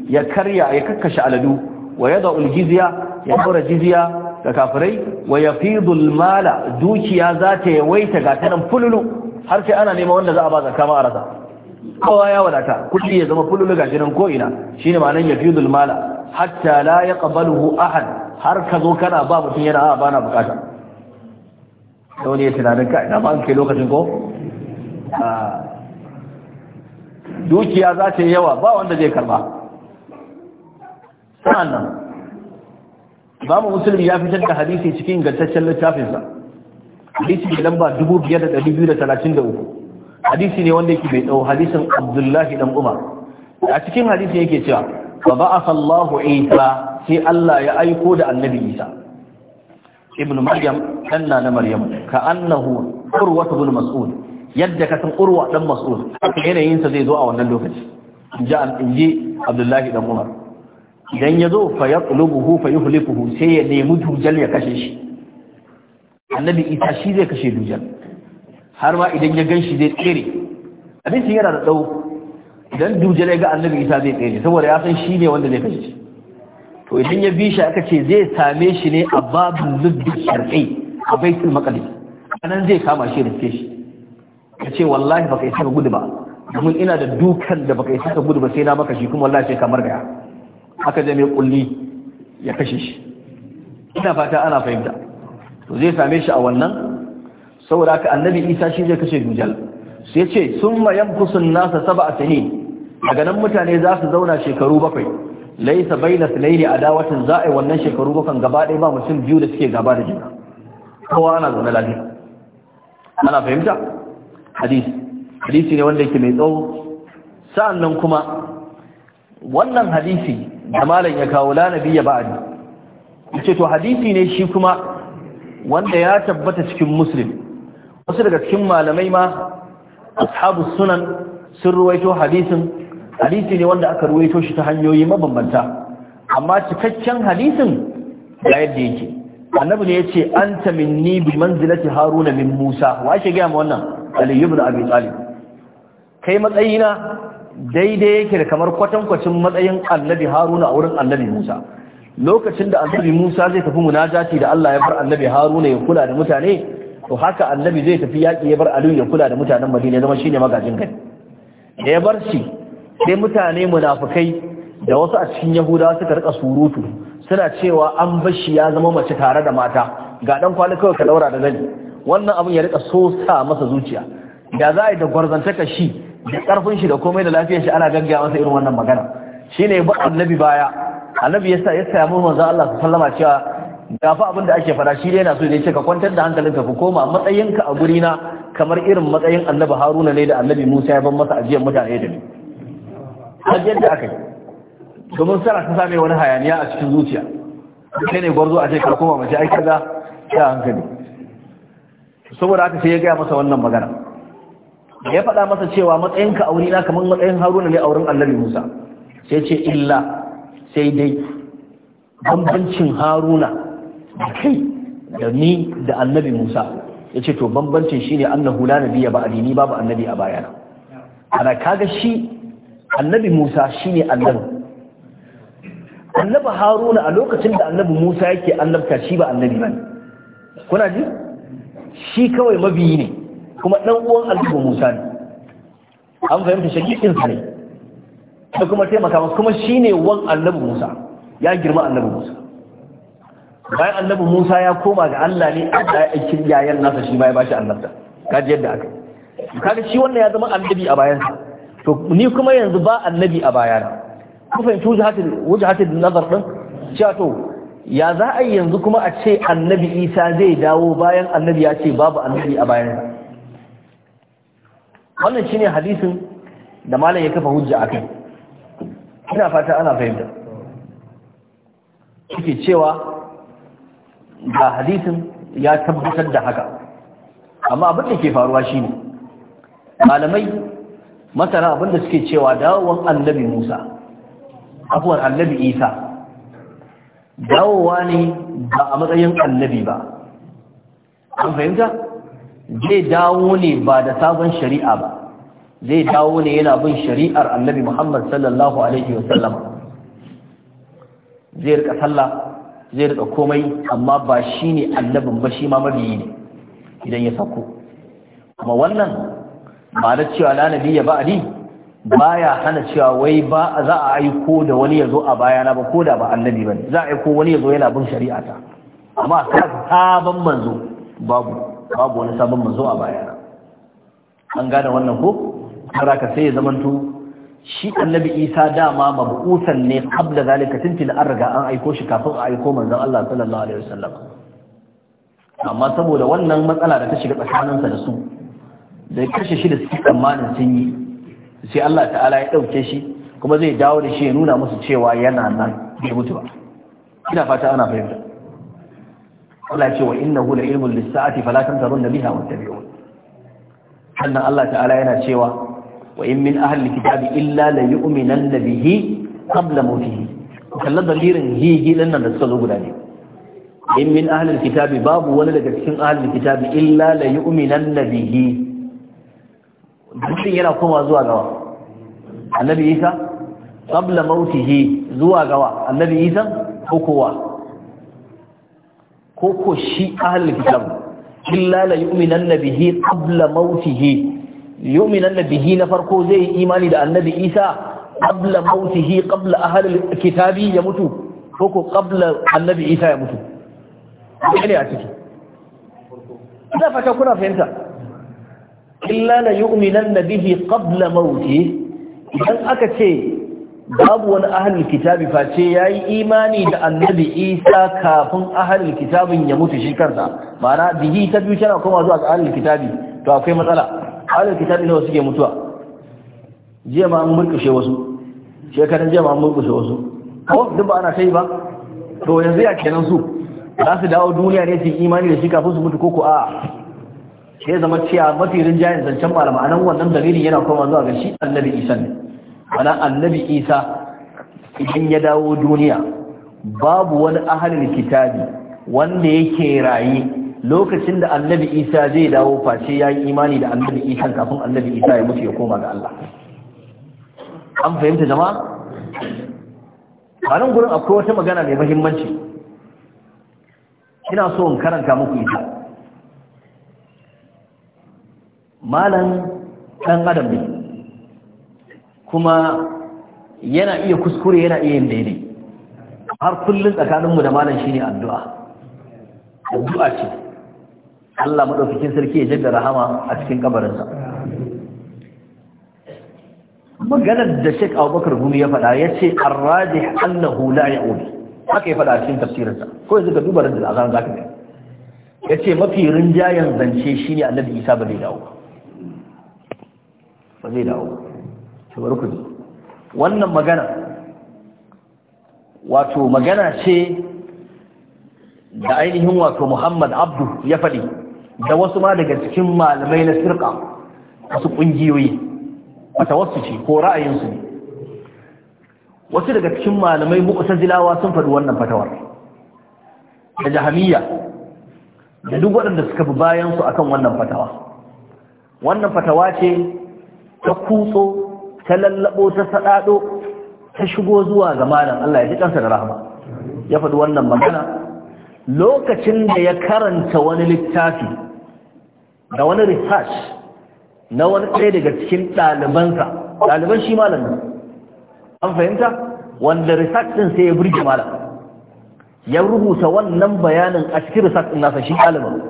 ya karya ya kakkashe aladu wa ga Ulgiziya ya dora jiziya ga kafirai wa yafidu mala dukiya za ta yawaita ga tanan fululu har sai ana neman wanda za a ba zakka ma a kowa ya wadata kulli ya zama fululu ga jinan ko ina shine ma'anin ya fi mala hatta la ya qabaluhu ahad har ka zo kana ba mutum yana a bana bukata da wani ya tunanin kai ina ba ke lokacin ko dukiya za ta yi yawa ba wanda zai karba ba mu musulmi ya fitar da hadisi cikin gantaccen littafinsa hadisi da lamba 2233 hadisi ne wanda yake bai dau hadisin abdullahi dan umar a cikin hadisi yake cewa fa ba'atha Allahu Isa sai Allah ya aiko da annabi Isa ibnu maryam danna na maryam ka annahu urwa ibn mas'ud yadda ka san urwa dan mas'ud haka yanayin sa zai zo a wannan lokaci inji inji abdullahi dan umar idan ya zo fa yaqlubuhu fa yuhlikuhu sai ya nemi dujal ya kashe shi annabi Isa shi zai kashe dujal har ma idan ya gan shi zai tsere abincin yana da tsawo dan dujal ga annabi isa zai tsere saboda ya san shi ne wanda zai kashe shi to idan ya bi shi aka ce zai same shi ne a babin luddi shar'i a baitul maqdis anan zai kama shi da shi ka ce wallahi baka isa ka gudu ba domin ina da dukan da baka isa ka gudu ba sai na maka shi kuma wallahi sai kamar gaya aka je mai kulli ya kashe shi ina fata ana fahimta to zai same shi a wannan saboda haka annabi isa shi zai kashe dujal sai ce sun mayan fusun nasa saba a sani daga nan mutane za su zauna shekaru bakwai laisa baina silaili adawatin za a yi wannan shekaru bakwai gaba ɗaya ba mutum biyu da suke gaba da juna kowa ana zaune lafiya ana fahimta hadisi hadisi ne wanda yake mai tsawo sa'annan kuma wannan hadisi da malam ya kawo la nabiyya ba'di yace to hadisi ne shi kuma wanda ya tabbata cikin muslim wasu daga cikin malamai ma ashabu sunan sun ruwaito hadisin hadisi ne wanda aka ruwaito shi ta hanyoyi mabambanta amma cikakken hadisin ga yadda yake annabi ne yace anta minni bi manzilati haruna min musa wa ake ga wannan ali ibn abi talib kai matsayina daidai yake da kamar kwatankwacin matsayin annabi haruna a wurin annabi musa lokacin da annabi musa zai tafi munajati da Allah ya bar annabi haruna ya kula da mutane to haka annabi zai tafi yaki ya bar aliyu ya kula da mutanen madina zama shine magajin gari da ya bar shi sai mutane munafukai da wasu a cikin yahudawa suka rika surutu suna cewa an bashi ya zama mace tare da mata ga dan kwali kawai ka daura da zani wannan abin ya rika so sa masa zuciya da za a yi da gwarzantaka shi da karfin shi da komai da lafiyar shi ana gaggaya masa irin wannan magana shine ba annabi baya annabi ya sa ya samu manzo Allah sallama cewa fa abin da ake fara shi dai yana so ne ce ka kwantar da hankalinka ku koma matsayinka a guri na kamar irin matsayin annabi haruna ne da annabi musa ya ban masa ajiyar mutane da ni har yadda aka yi domin sana ta same wani hayaniya a cikin zuciya sai ne gwarzo a ce ka koma mace ai kaza ya hankali saboda haka sai ya gaya masa wannan magana ya faɗa masa cewa matsayinka a wuri na kamar matsayin haruna ne a wurin annabi musa sai ce illa sai dai bambancin haruna da kai da ni da annabi Musa ya ce to bambancin shine annahu la nabiyya ba'di ni babu annabi a bayana ana kaga shi annabi Musa shine annabi annabi Haruna a lokacin da annabi Musa yake annabta shi ba annabi ne. kuna ji shi kawai mabiyi ne kuma dan uwan annabi Musa ne an fahimta shakikin sa ne da kuma taimaka masa kuma shine wan annabi Musa ya girma annabi Musa bayan annabi Musa ya koma ga Allah ne a aikin yayan nasa shi ma ya bashi annabta kaje yadda aka kaga shi wannan ya zama annabi a bayan to ni kuma yanzu ba annabi a na. ku fahimci wujahatul wujahatul nazar din cewa to ya za a yi yanzu kuma a ce annabi Isa zai dawo bayan annabi ya ce babu annabi a bayan wannan shine hadisin da malam ya kafa hujja akai ina fata ana fahimta kike cewa ga hadisin ya tabbatar da haka amma abin da ke faruwa shine malamai masana abin da suke cewa dawowan annabi Musa abuwar annabi Isa dawowa ne ba a matsayin annabi ba an fahimta zai dawo ne ba da sabon shari'a ba zai dawo ne yana bin shari'ar annabi Muhammad sallallahu alaihi wasallam zai rika sallah zai rika komai amma ba shi ne annabin ba shi ma mabiyi ne idan ya sauko kuma wannan ba da cewa na nabi ya ba'adi ya hana cewa wai ba za a aiko da wani ya zo a bayana ba ko da ba annabi ba za a aiko wani ya zo yana bin shari'ata amma ka sabon manzo babu wani sabon manzo a bayana an gane wannan ko har ka sai ya zamanto shi annabi isa dama mabu'usan ne qabla zalika tuntun an riga an aiko shi kafin a aiko manzon Allah sallallahu alaihi wasallam amma saboda wannan matsala da ta shiga tsakaninsa da su da kashe shi da suke tsammanin sun yi sai Allah ta'ala ya dauke shi kuma zai dawo da shi ya nuna musu cewa yana nan bai mutu ba ina fata ana fahimta Allah ya ce wa innahu la ilmun lis-sa'ati fala tamtarun biha wattabi'un sannan Allah ta'ala yana cewa wa in min ahli kitabi illa la yu'minan bihi qabla mawtihi kallan dalirin hi hi da suka zo guda ne in min ahli kitabi babu wani daga cikin ahli kitabi illa la yu'minan bihi mutum yana koma zuwa gawa annabi isa qabla mautihi zuwa gawa annabi isa ko kowa ko ko shi bihi qabla mautihi yu'minanna bihi na farko zai yi imani da annabi Isa qabla mautihi qabla ahli kitabi ya mutu ko ko qabla annabi Isa ya mutu ne a ciki ina fata kuna fahimta illa la yu'minanna bihi qabla mautihi idan aka ce babu wani ahalin kitabi face ya yi imani da annabi isa kafin ahalin kitabin ya mutu shi kansa mana bihi ta biyu tana kuma zuwa ga ahalin kitabi to akwai matsala halin kitabi ne suke mutuwa jiya ma an murkushe wasu shekaran jiya ma an murkushe wasu ko duk ba ana kai ba to yanzu ya kenan su za su dawo duniya ne su imani da shi kafin su mutu koko a ke zama cewa mafi rinjayen zancen malama nan wannan dalilin yana koma zuwa ga shi annabi isa ne ana annabi isa idan ya dawo duniya babu wani ahalin kitabi wanda yake raye lokacin da annabi isa zai dawo face ya yi imani da annabi isa kafin annabi isa ya mutu ya koma ga Allah an fahimta jama'a a nan gurin akwai wata magana mai mahimmanci ina so in karanta muku ita malam ɗan adam ne kuma yana iya kuskure yana iya yin daidai har kullum tsakaninmu da malam ne addu'a addu'a ce Allah madaukakin sarki ya da rahama a cikin kabarinsa maganar da Sheikh Abubakar Gumi ya faɗa yace ar-rajih annahu la ya'ud haka ya faɗa a cikin tafsirinsa ko yanzu ka duba rajul azan zaka Ya ce mafi rinjayen zance shine Annabi Isa ba zai dawo ba zai dawo tabarku wannan magana wato magana ce da ainihin wato Muhammad Abdu ya faɗi da wasu ma daga cikin malamai na sirka wasu ƙungiyoyi wata wasu ce ko ra'ayinsu ne wasu daga cikin malamai Zilawa sun faɗi wannan fatawar da jahamiyya da duk waɗanda suka bi bayansu su akan wannan fatawa wannan fatawa ce ta kutso ta lallabo ta saɗaɗo, ta shigo zuwa ga malam Allah ya ji ƙansa da rahama ya faɗi wannan magana lokacin da ya karanta wani littafi da wani research na wani ɗaya daga cikin ɗalibansa ɗaliban shi malamin an fahimta wanda research ɗin sai ya burge malam ya rubuta wannan bayanin a cikin research ɗin nasa shi ɗaliban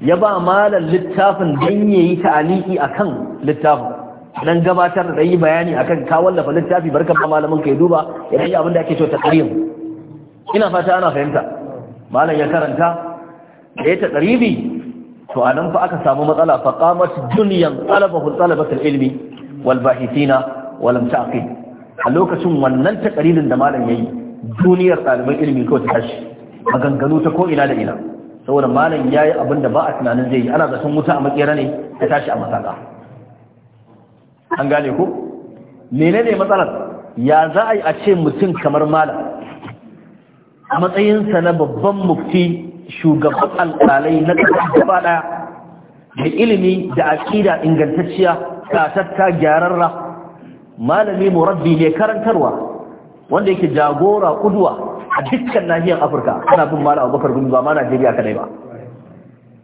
ya ba malam littafin don ya yi ta'aliki a kan littafin don gabatar da yi bayani akan ka wallafa littafi barkan ba malamin ka ya duba ya yi abin da ake cewa taqrim ina fata ana fahimta malam ya karanta da ya taqribi to a nan fa aka samu matsala fa qamat dunyan talabahu talabatul ilmi wal bahithina wa lam a lokacin wannan takaririn da malam yayi duniyar ɗaliban ilimi ko ta tashi maganganu ta ko ina da ina saboda malam yayi abin da ba a tunanin zai yi ana zaton wuta a makera ne ta tashi a masaka an gane ku. menene matsalar ya za a yi a ce mutum kamar malam a matsayinsa na babban mufti shugaban alƙalai na ƙasar gaba ɗaya da ilimi da aƙida ingantacciya gyaran gyararra malami murabbi ne karantarwa wanda yake jagora guduwa a dukkan nahiyar afirka ana bin malam abubakar gumi ba ma najeriya kadai ba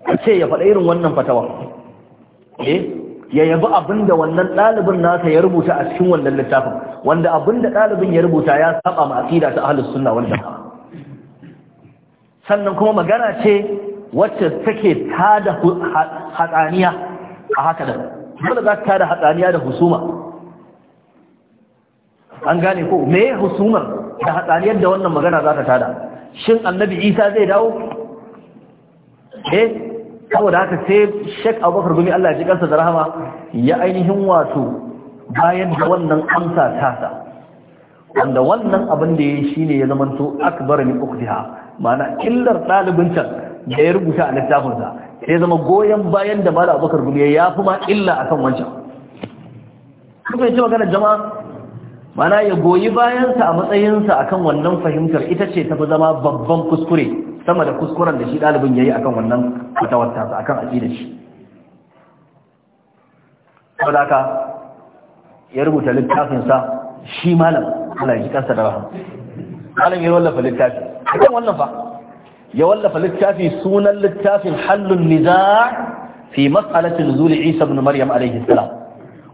a ce ya faɗa irin wannan fatawa eh ya yabi abin da wannan ɗalibin nasa ya rubuta a cikin wannan littafin wanda abin da ɗalibin ya rubuta ya saba ma aƙida ta ahlus sunna wal jamaa sannan kuma magana ce wacce take tada hatsaniya a haka da dole za ta tada hatsaniya da husuma an gane ko me husumar da hatsaniyar da wannan magana za ta tada shin annabi isa zai dawo eh saboda haka sai shek abubakar gumi allah ya ji kansa da rahama ya ainihin wato bayan da wannan amsa tasa wanda wannan abin da ya yi shi ne ya zamanto akbar min ukhtiha mana illar ɗalibin can da ya rubuta a littafinsa sai zama goyon bayan da mala abokar gumiya ya fi ma illa a kan wancan kuma ya ce magana jama'a mana ya goyi bayansa a matsayinsa a kan wannan fahimtar ita ce ta fi zama babban kuskure sama da kuskuren da shi ɗalibin ya yi a kan wannan fatawarta a kan aƙidar shi saboda ya rubuta littafinsa shi malam ana ji kansa da rahama malam ya wallafa littafi kan wannan ya wallafa littafi sunan littafin hallun niza fi mas'alatin zuli isa ibn maryam alaihi salam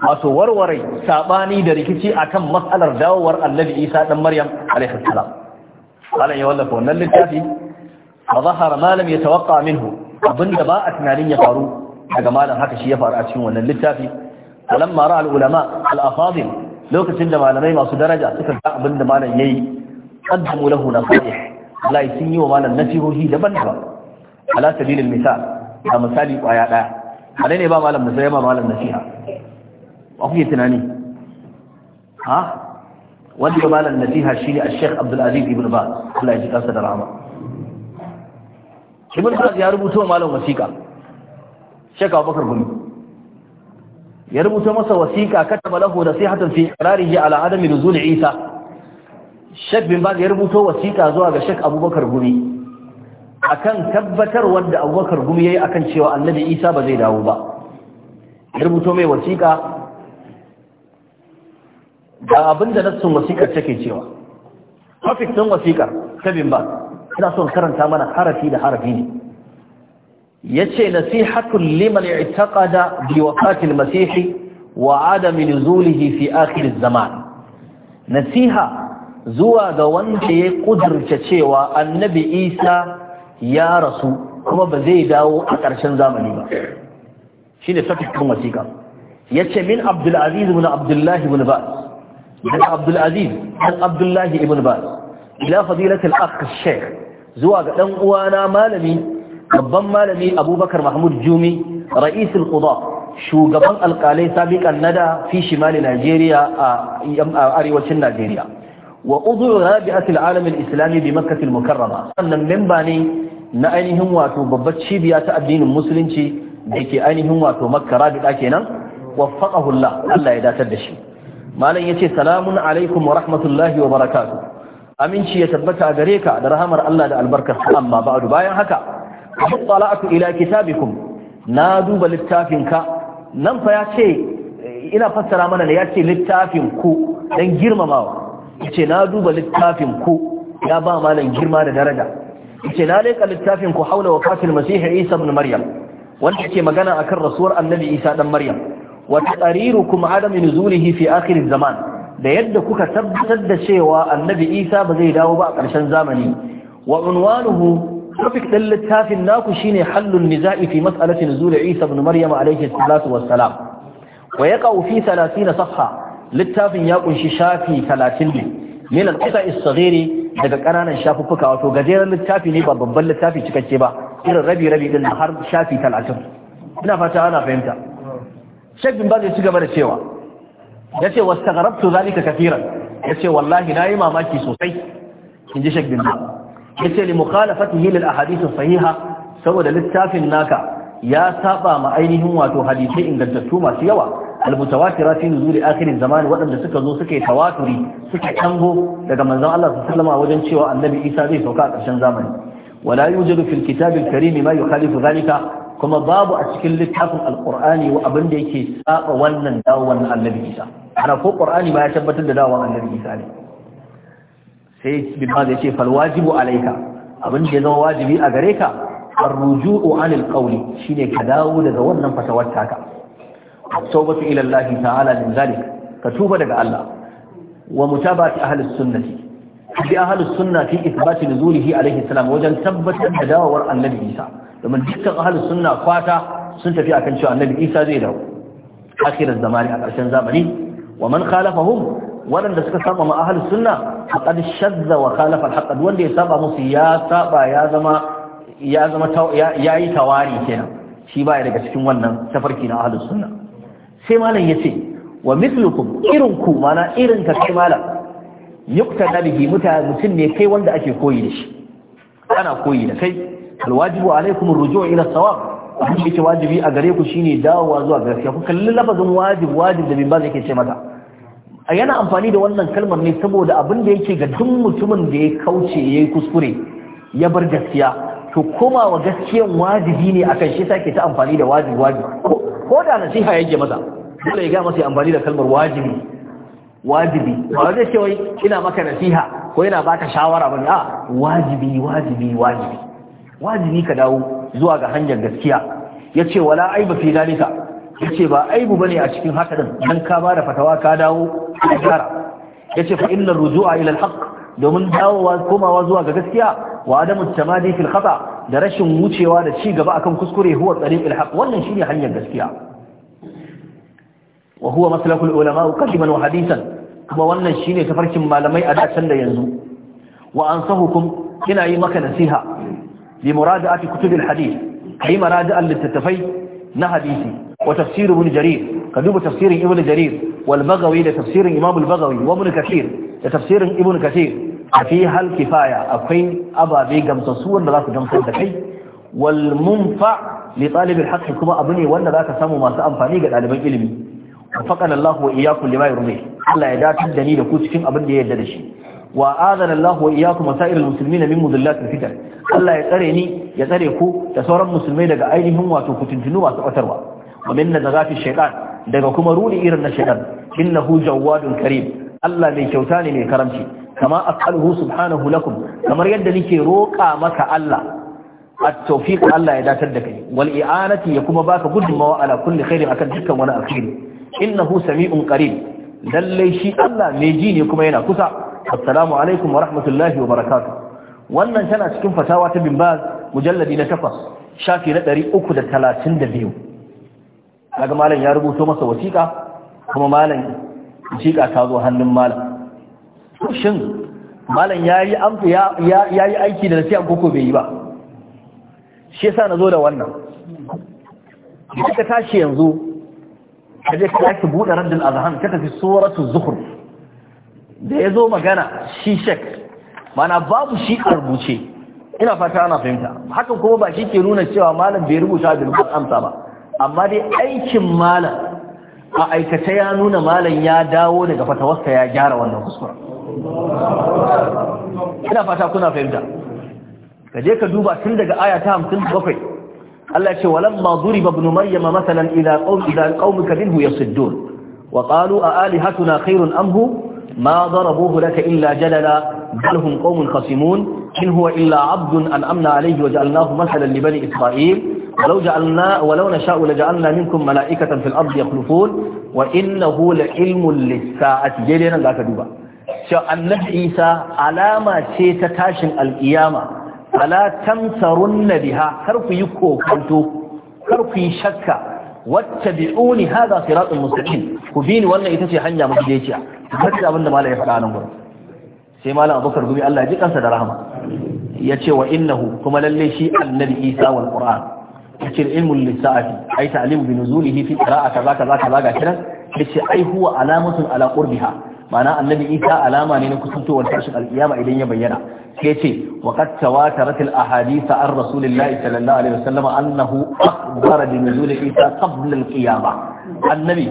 wato warware sabani da rikici akan mas'alar dawowar annabi isa dan maryam alaihi salam malam ya wallafa wannan littafi fa zahara ma lam yatawaqqa minhu abinda ba a tunanin ya faru daga malam haka shi ya faru a cikin wannan littafi alamma ra'a al-ulama al-afadil lokacin da malamai masu daraja suka ga abinda malam yayi qaddamu lahu nasih wallahi sun yi wa malam nasihohi daban-daban ala sabilil misal da misali kwaya daya alai ne ba malam nasiha ba malam nasiha ba kuke tunani ha wanda ba malam nasiha shine al-Sheikh Abdul Aziz Ibn Ba Allah ya ji kansa da rahama Ibn Baz ya rubuta wa malam wasiqa Sheikh Abubakar Gumi ya rubuta masa wasiqa kataba lahu nasihatan fi qararihi ala adami nuzul Isa shek bin baz ya rubuto wasiƙa zuwa ga shek abubakar gumi akan tabbatar wanda abubakar gumi yayi akan cewa annabi isa ba zai dawo ba ya rubuto mai wasiƙa ga abinda nassun wasiƙar take cewa topic din wasiƙar ta bin baz ina son karanta mana harafi da harafi ne yace nasihatul liman i'taqada bi wafatil masih wa adami nuzulihi fi akhir az-zaman nasiha zuwa ga wanda ya kudurce cewa annabi isa ya rasu kuma ba zai dawo a ƙarshen zamani ba shi ne safikin wasiƙa ya ce min abdulaziz ibn abdullahi ibn ba'ad Min abdulaziz ɗan abdullahi ibn ba'ad ila fadilatul akh shaykh zuwa ga ɗan uwana malami babban malami abubakar mahmud jumi ra'isul qudab shugaban alƙalai sabiƙan nada fi shimali Najeriya a arewacin Najeriya wa uzu rabi'atul alam islami bi makkah al-mukarrama sannan memba ne na ainihin wato babbar cibiya ta addinin musulunci da ke ainihin wato makka rabi'a kenan waffaqahu Allah Allah ya datar da shi malam yace salamun alaikum wa rahmatullahi wa barakatuh aminci ya tabbata a gare ka da rahmar Allah da albarkar amma ba'du bayan haka tala'atu ila kitabikum na duba littafinka. nan fa yace ina fassara mana ne yace littafin ku dan girmamawa yace na duba littafin ku ya ba malam girma da daraja yace na leka littafin ku haula wafatil masih isa ibn maryam wanda yake magana akan rasuwar annabi isa dan maryam wa taqrirukum adam nuzulihi fi akhir zaman da yadda kuka tabbatar da cewa annabi isa ba zai dawo ba a ƙarshen zamani wa unwanuhu topic din littafin naku shine hallun nizai fi mas'alati nuzul isa ibn maryam alayhi salatu wassalam wa yaqa'u fi 30 safha littafin ya kunshi shafi talatin ne min al-qita daga ƙananan shafuffuka wato gajeren littafi ne ba babban littafi cikakke ba irin rabi rabi din har shafi talatin ina fata ana fahimta Sheikh bin Baz ci gaba da cewa yace wastagharabtu zalika kafiran yace wallahi na yi mamaki sosai inji Sheikh bin Baz yace li mukhalafatihi lil ahadith sahiha saboda littafin naka ya saba ma ainihin wato hadisai ingantattu masu yawa almutawatira fi nuzuri akhirin zamani waɗanda suka zo suka yi tawaturi suka tango daga manzon Allah sallallahu alaihi wajen cewa annabi Isa zai sauka a ƙarshen zamani wala yujadu fil kitabil karim ma yukhalifu kuma babu a cikin littafin alqur'ani wa abin da yake saba wannan dawowar annabi Isa ana ko qur'ani ma ya tabbatar da dawowar annabi Isa ne sai bin ya ce fal wajibu alayka abin da ya zama wajibi a gare ka الرجوع عن shine ka dawo daga wannan fatawar taka at-tawbatu ila Allah ta'ala min zalik ka tuba daga Allah wa mutabati ahli sunnati bi ahli sunnati ithbati nuzulihi alayhi salam wajen tabbatar da dawowar annabi Isa domin dukkan ahli sunna kwata sun tafi akan cewa annabi Isa zai dawo akhirin zamani a ƙarshen zamani wa man khalafahum waɗanda suka saba ma ahli sunna faqad shadda wa khalafa wanda ya saba musu ya saba ya zama tawari kenan shi baya daga cikin wannan tafarki na ahli sunna sai malam ya ce wa mislukum irin ku mana irin ka kai malam yukta da bihi mutum ne kai wanda ake koyi da shi ana koyi da kai alwajibu alaikum arruju ila sawab abin da yake wajibi a gare ku shine dawowa zuwa gaskiya ku kalli lafazin wajib wajib da bin ba yake ce mata yana amfani da wannan kalmar ne saboda abin da yake ga duk mutumin da ya kauce ya yi kuskure ya bar gaskiya to wa gaskiyan wajibi ne akan shi sake ta amfani da wajibi wajibi ko da nasiha yake masa dole ya ga masa amfani da kalmar wajibi wajibi ba zai ce wai ina maka nasiha ko ina baka shawara ba a wajibi wajibi wajibi wajibi ka dawo zuwa ga hanyar gaskiya yace wala aiba fi dalika yace ba aibu bane a cikin haka din dan ka bada fatawa ka dawo ka ce yace fa inna ruju'a ila al-haqq domin dawowa komawa zuwa ga gaskiya wa adamu tamadi fil khata da rashin wucewa da ci gaba akan kuskure huwa tariqul haqq wannan shine hanyar gaskiya wa huwa maslakul ulama qadiman wa hadisan kuma wannan shine tafarkin malamai a dacan da yanzu wa ansahukum ina yi maka nasiha li muradaati kutubil hadith kai marada'an littattafai na hadisi wa tafsir ibn jarir ka duba tafsirin ibn jarir wal baghawi da tafsirin imam al baghawi wa ibn kathir da tafsirin ibn kathir a fi hal kifaya akwai ababe gamsassu wanda za su gamsar da kai wal munfa li talib al kuma abu ne wanda zaka samu masu amfani ga ɗaliban ilimi faqana Allah wa iyakun lima yurdi Allah ya dace da ni da ku cikin abin da ya yarda da shi wa adana Allah wa iyakun Masair Musulmi na min mudillat al-fitan Allah ya tsare ni ya tsare ku da sauran musulmai daga ainihin wato kutuntunu masu kwatarwa wa min nazafati shaytan daga kuma ruɗi irin na shaytan innahu jawadun karim Allah mai kyauta ne mai karamci kama as'aluhu subhanahu lakum kamar yadda nake roƙa maka Allah at-tawfiq Allah ya datar da kai wal i'anati ya kuma baka gudunmawa ala kulli khairin akan dukkan wani alkhairi innahu sami'un qarib lalle shi Allah mai ji ne kuma yana kusa assalamu alaikum wa rahmatullahi wa barakatuh wannan tana cikin fatawa ta bin baz mujalladi na 8 shafi na 332 Daga malam ya rubuto masa wasiƙa kuma malam wasiƙa ta zo hannun malam shin malam yayi amfi ya yi aiki da nasiha koko bai yi ba shi yasa zo da wannan ka tashi yanzu kaje ka tashi buɗe raddul azhan ka tafi suratu Zuhur da ya zo magana shi shek mana babu shi karbuce ina fata ana fahimta haka kuma ba shi ke nuna cewa malam bai rubuta da rubutun amsa ba amma dai aikin malam a aikata ya nuna malam ya dawo daga fatawarsa ya gyara wannan kuskuren ina fata kuna fahimta ka je ka duba tun daga aya ta 57 Allah ya ce walamma duriba ibn maryama masalan ila qaum ila qaumika minhu yasuddun wa qalu a alihatuna khairun am hu ma darabuhu laka illa jalala bal hum qaumun khasimun in huwa illa abdun an'amna alayhi wa ja'alnahu masalan li bani isra'il ولو جعلنا ولو نشاء لجعلنا منكم ملائكة في الأرض يخلفون وإنه لعلم للساعة جيلنا ذاك دوبا cewa allah isa alama ce ta tashin alkiyama ala tamsarunna biha kar ku yi kokanto kar ku yi shakka su yi siratun mustaqim ku bi ni wannan ita ce hanya madaidaiciya kace abin da malai ya faɗa nan gurin sai malam abubakar gumi Allah ji kansa da rahama yace wa innahu kuma lalle shi annabi isa wal qur'an yace ilmul lisa'ati ai ta'lim bi nuzulihi fi qira'ati kaza kaza kaza ga kiran yace ai huwa alamatun ala qurbiha ma'ana annabi isa alama ne na kusantowar tashin alkiyama idan ya bayyana sai ce wa qad tawatarat al ahadith an rasulillahi sallallahu alaihi wasallam annahu akhbara bi nuzul isa qabla al qiyama annabi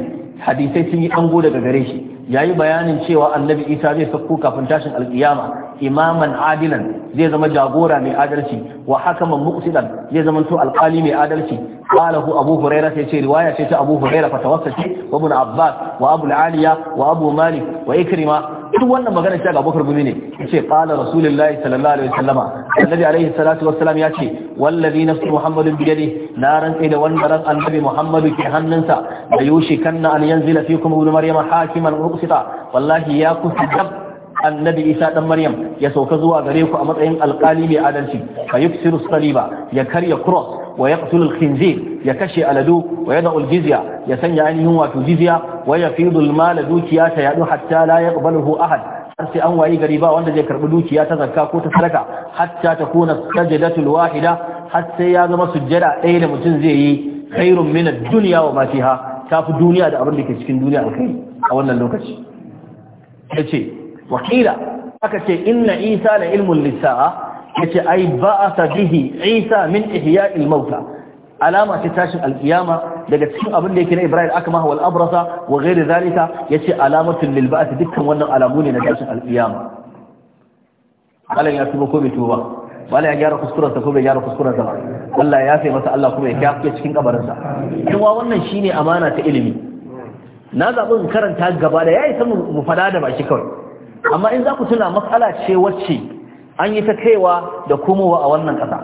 hadisai sun yi ango daga gare shi yayi bayanin cewa annabi isa zai sauko kafin tashin alkiyama imaman adilan zai zama jagora mai adalci wa hakaman muqsidan zai zama to alqali mai adalci qalahu abu huraira sai ce riwaya ce ta abu huraira fa tawassati wa ibn abbas wa abu aliya wa abu malik wa ikrima duk wannan magana ce ga Abubakar gumi ne yace qala rasulullahi sallallahu alaihi wasallama annabi alaihi salatu ya yace wallazi nafsu muhammadin bi yadi la da wanda ran annabi muhammadu ke hannunsa da yushi kanna an yanzila fikum ibn maryama hakiman uqsita wallahi ya kusa annabi isa dan maryam ya sauka zuwa gare ku a matsayin alƙali mai adalci fa yuksiru saliba ya karya cross wa yaqtul al-khinzir ya kashe aladu wa yada al-jizya ya sanya ainihin wato jizya wa yafidu al-mala dukiya ta yadu hatta la yaqbaluhu ahad har sai an wayi gari ba wanda zai karbi dukiya ta zakka ko ta sadaka hatta ta kuna sajdatul wahida har sai ya zama sujjada ɗaya da mutum zai yi khairun min ad-dunya wa ma fiha tafi duniya da abin da ke cikin duniya alkai a wannan lokaci yace wakila aka ce inna isa la ilmun lissa'a yace ai ba'atha bihi isa min ihya'il mauta alama ta tashin alkiyama daga cikin abin da yake na ibrahim akmah wal abrasa wa ghairi zalika yace alamatul lil ba'ath dukkan wannan alamu ne na tashin alkiyama malan ya tuba ko bai tuba malan ya gyara kuskuren sa ko bai gyara kuskuren sa ba Allah ya yafe masa Allah kuma ya kafe cikin kabarin sa kuma wannan shine amana ta ilimi na zaɓi in karanta gaba da yayi samu mu fada da baki kawai amma in za ku tuna matsala ce wacce an yi ta kaiwa da komowa a wannan ƙasa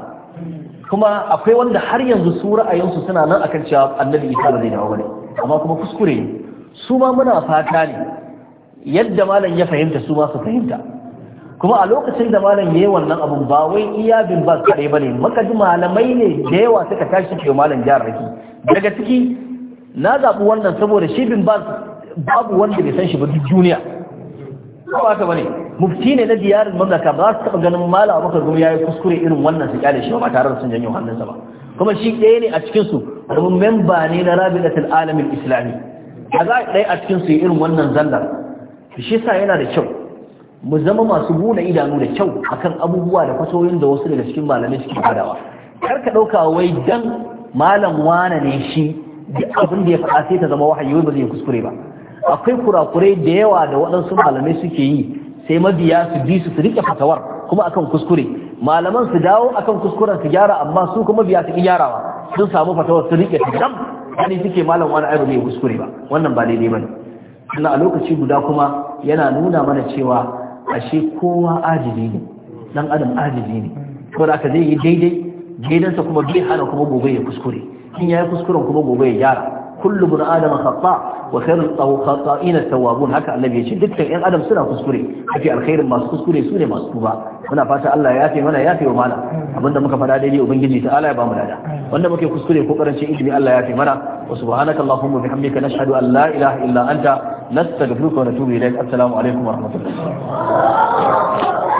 kuma akwai wanda har yanzu su ra'ayinsu suna nan akan cewa annabi isa ba zai dawo ba ne. amma kuma kuskure ne su ma muna fata ne yadda malam ya fahimta su ma su fahimta kuma a lokacin da malam ya yi wannan abun ba wai iya bin ba kaɗai ba ne makaji malamai ne da yawa suka tashi ke malam jihar raki daga ciki na zaɓi wannan saboda shi bin ba babu wanda bai san shi ba duk duniya ko ba ka bane mufti ne na diyarin mamlaka ba su taɓa ganin mala abubakar gumi ya yi kuskure irin wannan su kyale shi ba tare da sun janyo hannunsa ba kuma shi ɗaya ne a cikinsu domin memba ne na rabi'atul alamin islami a za a ɗaya a cikinsu irin wannan zallar shi sa yana da kyau mu zama masu buɗe idanu da kyau akan abubuwa da fasoyin da wasu daga cikin malamai suke fadawa kar ka ɗauka wai dan malam wane ne shi duk abin da ya faɗa sai ta zama wahayi wai ba zai kuskure ba akwai kurakurai da yawa da waɗansu malamai suke yi sai mabiya su bi su su rike fatawar kuma akan kuskure malaman su dawo akan kuskuren su gyara amma su kuma biya su gyarawa sun samu fatawar su rike su dam Wani suke malam wani aibu ne kuskure ba wannan ba daidai bane sannan a lokaci guda kuma yana nuna mana cewa ashe kowa ajiji ne dan adam ajiji ne da aka zai yi daidai gidansa kuma bai hana kuma gobe ya kuskure in ya yi kuskuren kuma gobe ya gyara kullu bin adam khata wa khairul khata'in at-tawwabun haka annabi ce dukkan ƴan adam suna kuskure kafi alkhairin masu kuskure su ne masu tuba muna fata Allah ya yafe mana yafe wa mana abinda muka fada daidai ubangiji ta Allah ya ba dada wanda muke kuskure ko karancin ilimi Allah ya yafe mana wa subhanaka allahumma bihamdika nashhadu an la ilaha illa anta nastaghfiruka wa natubu ilaik assalamu alaikum wa rahmatullahi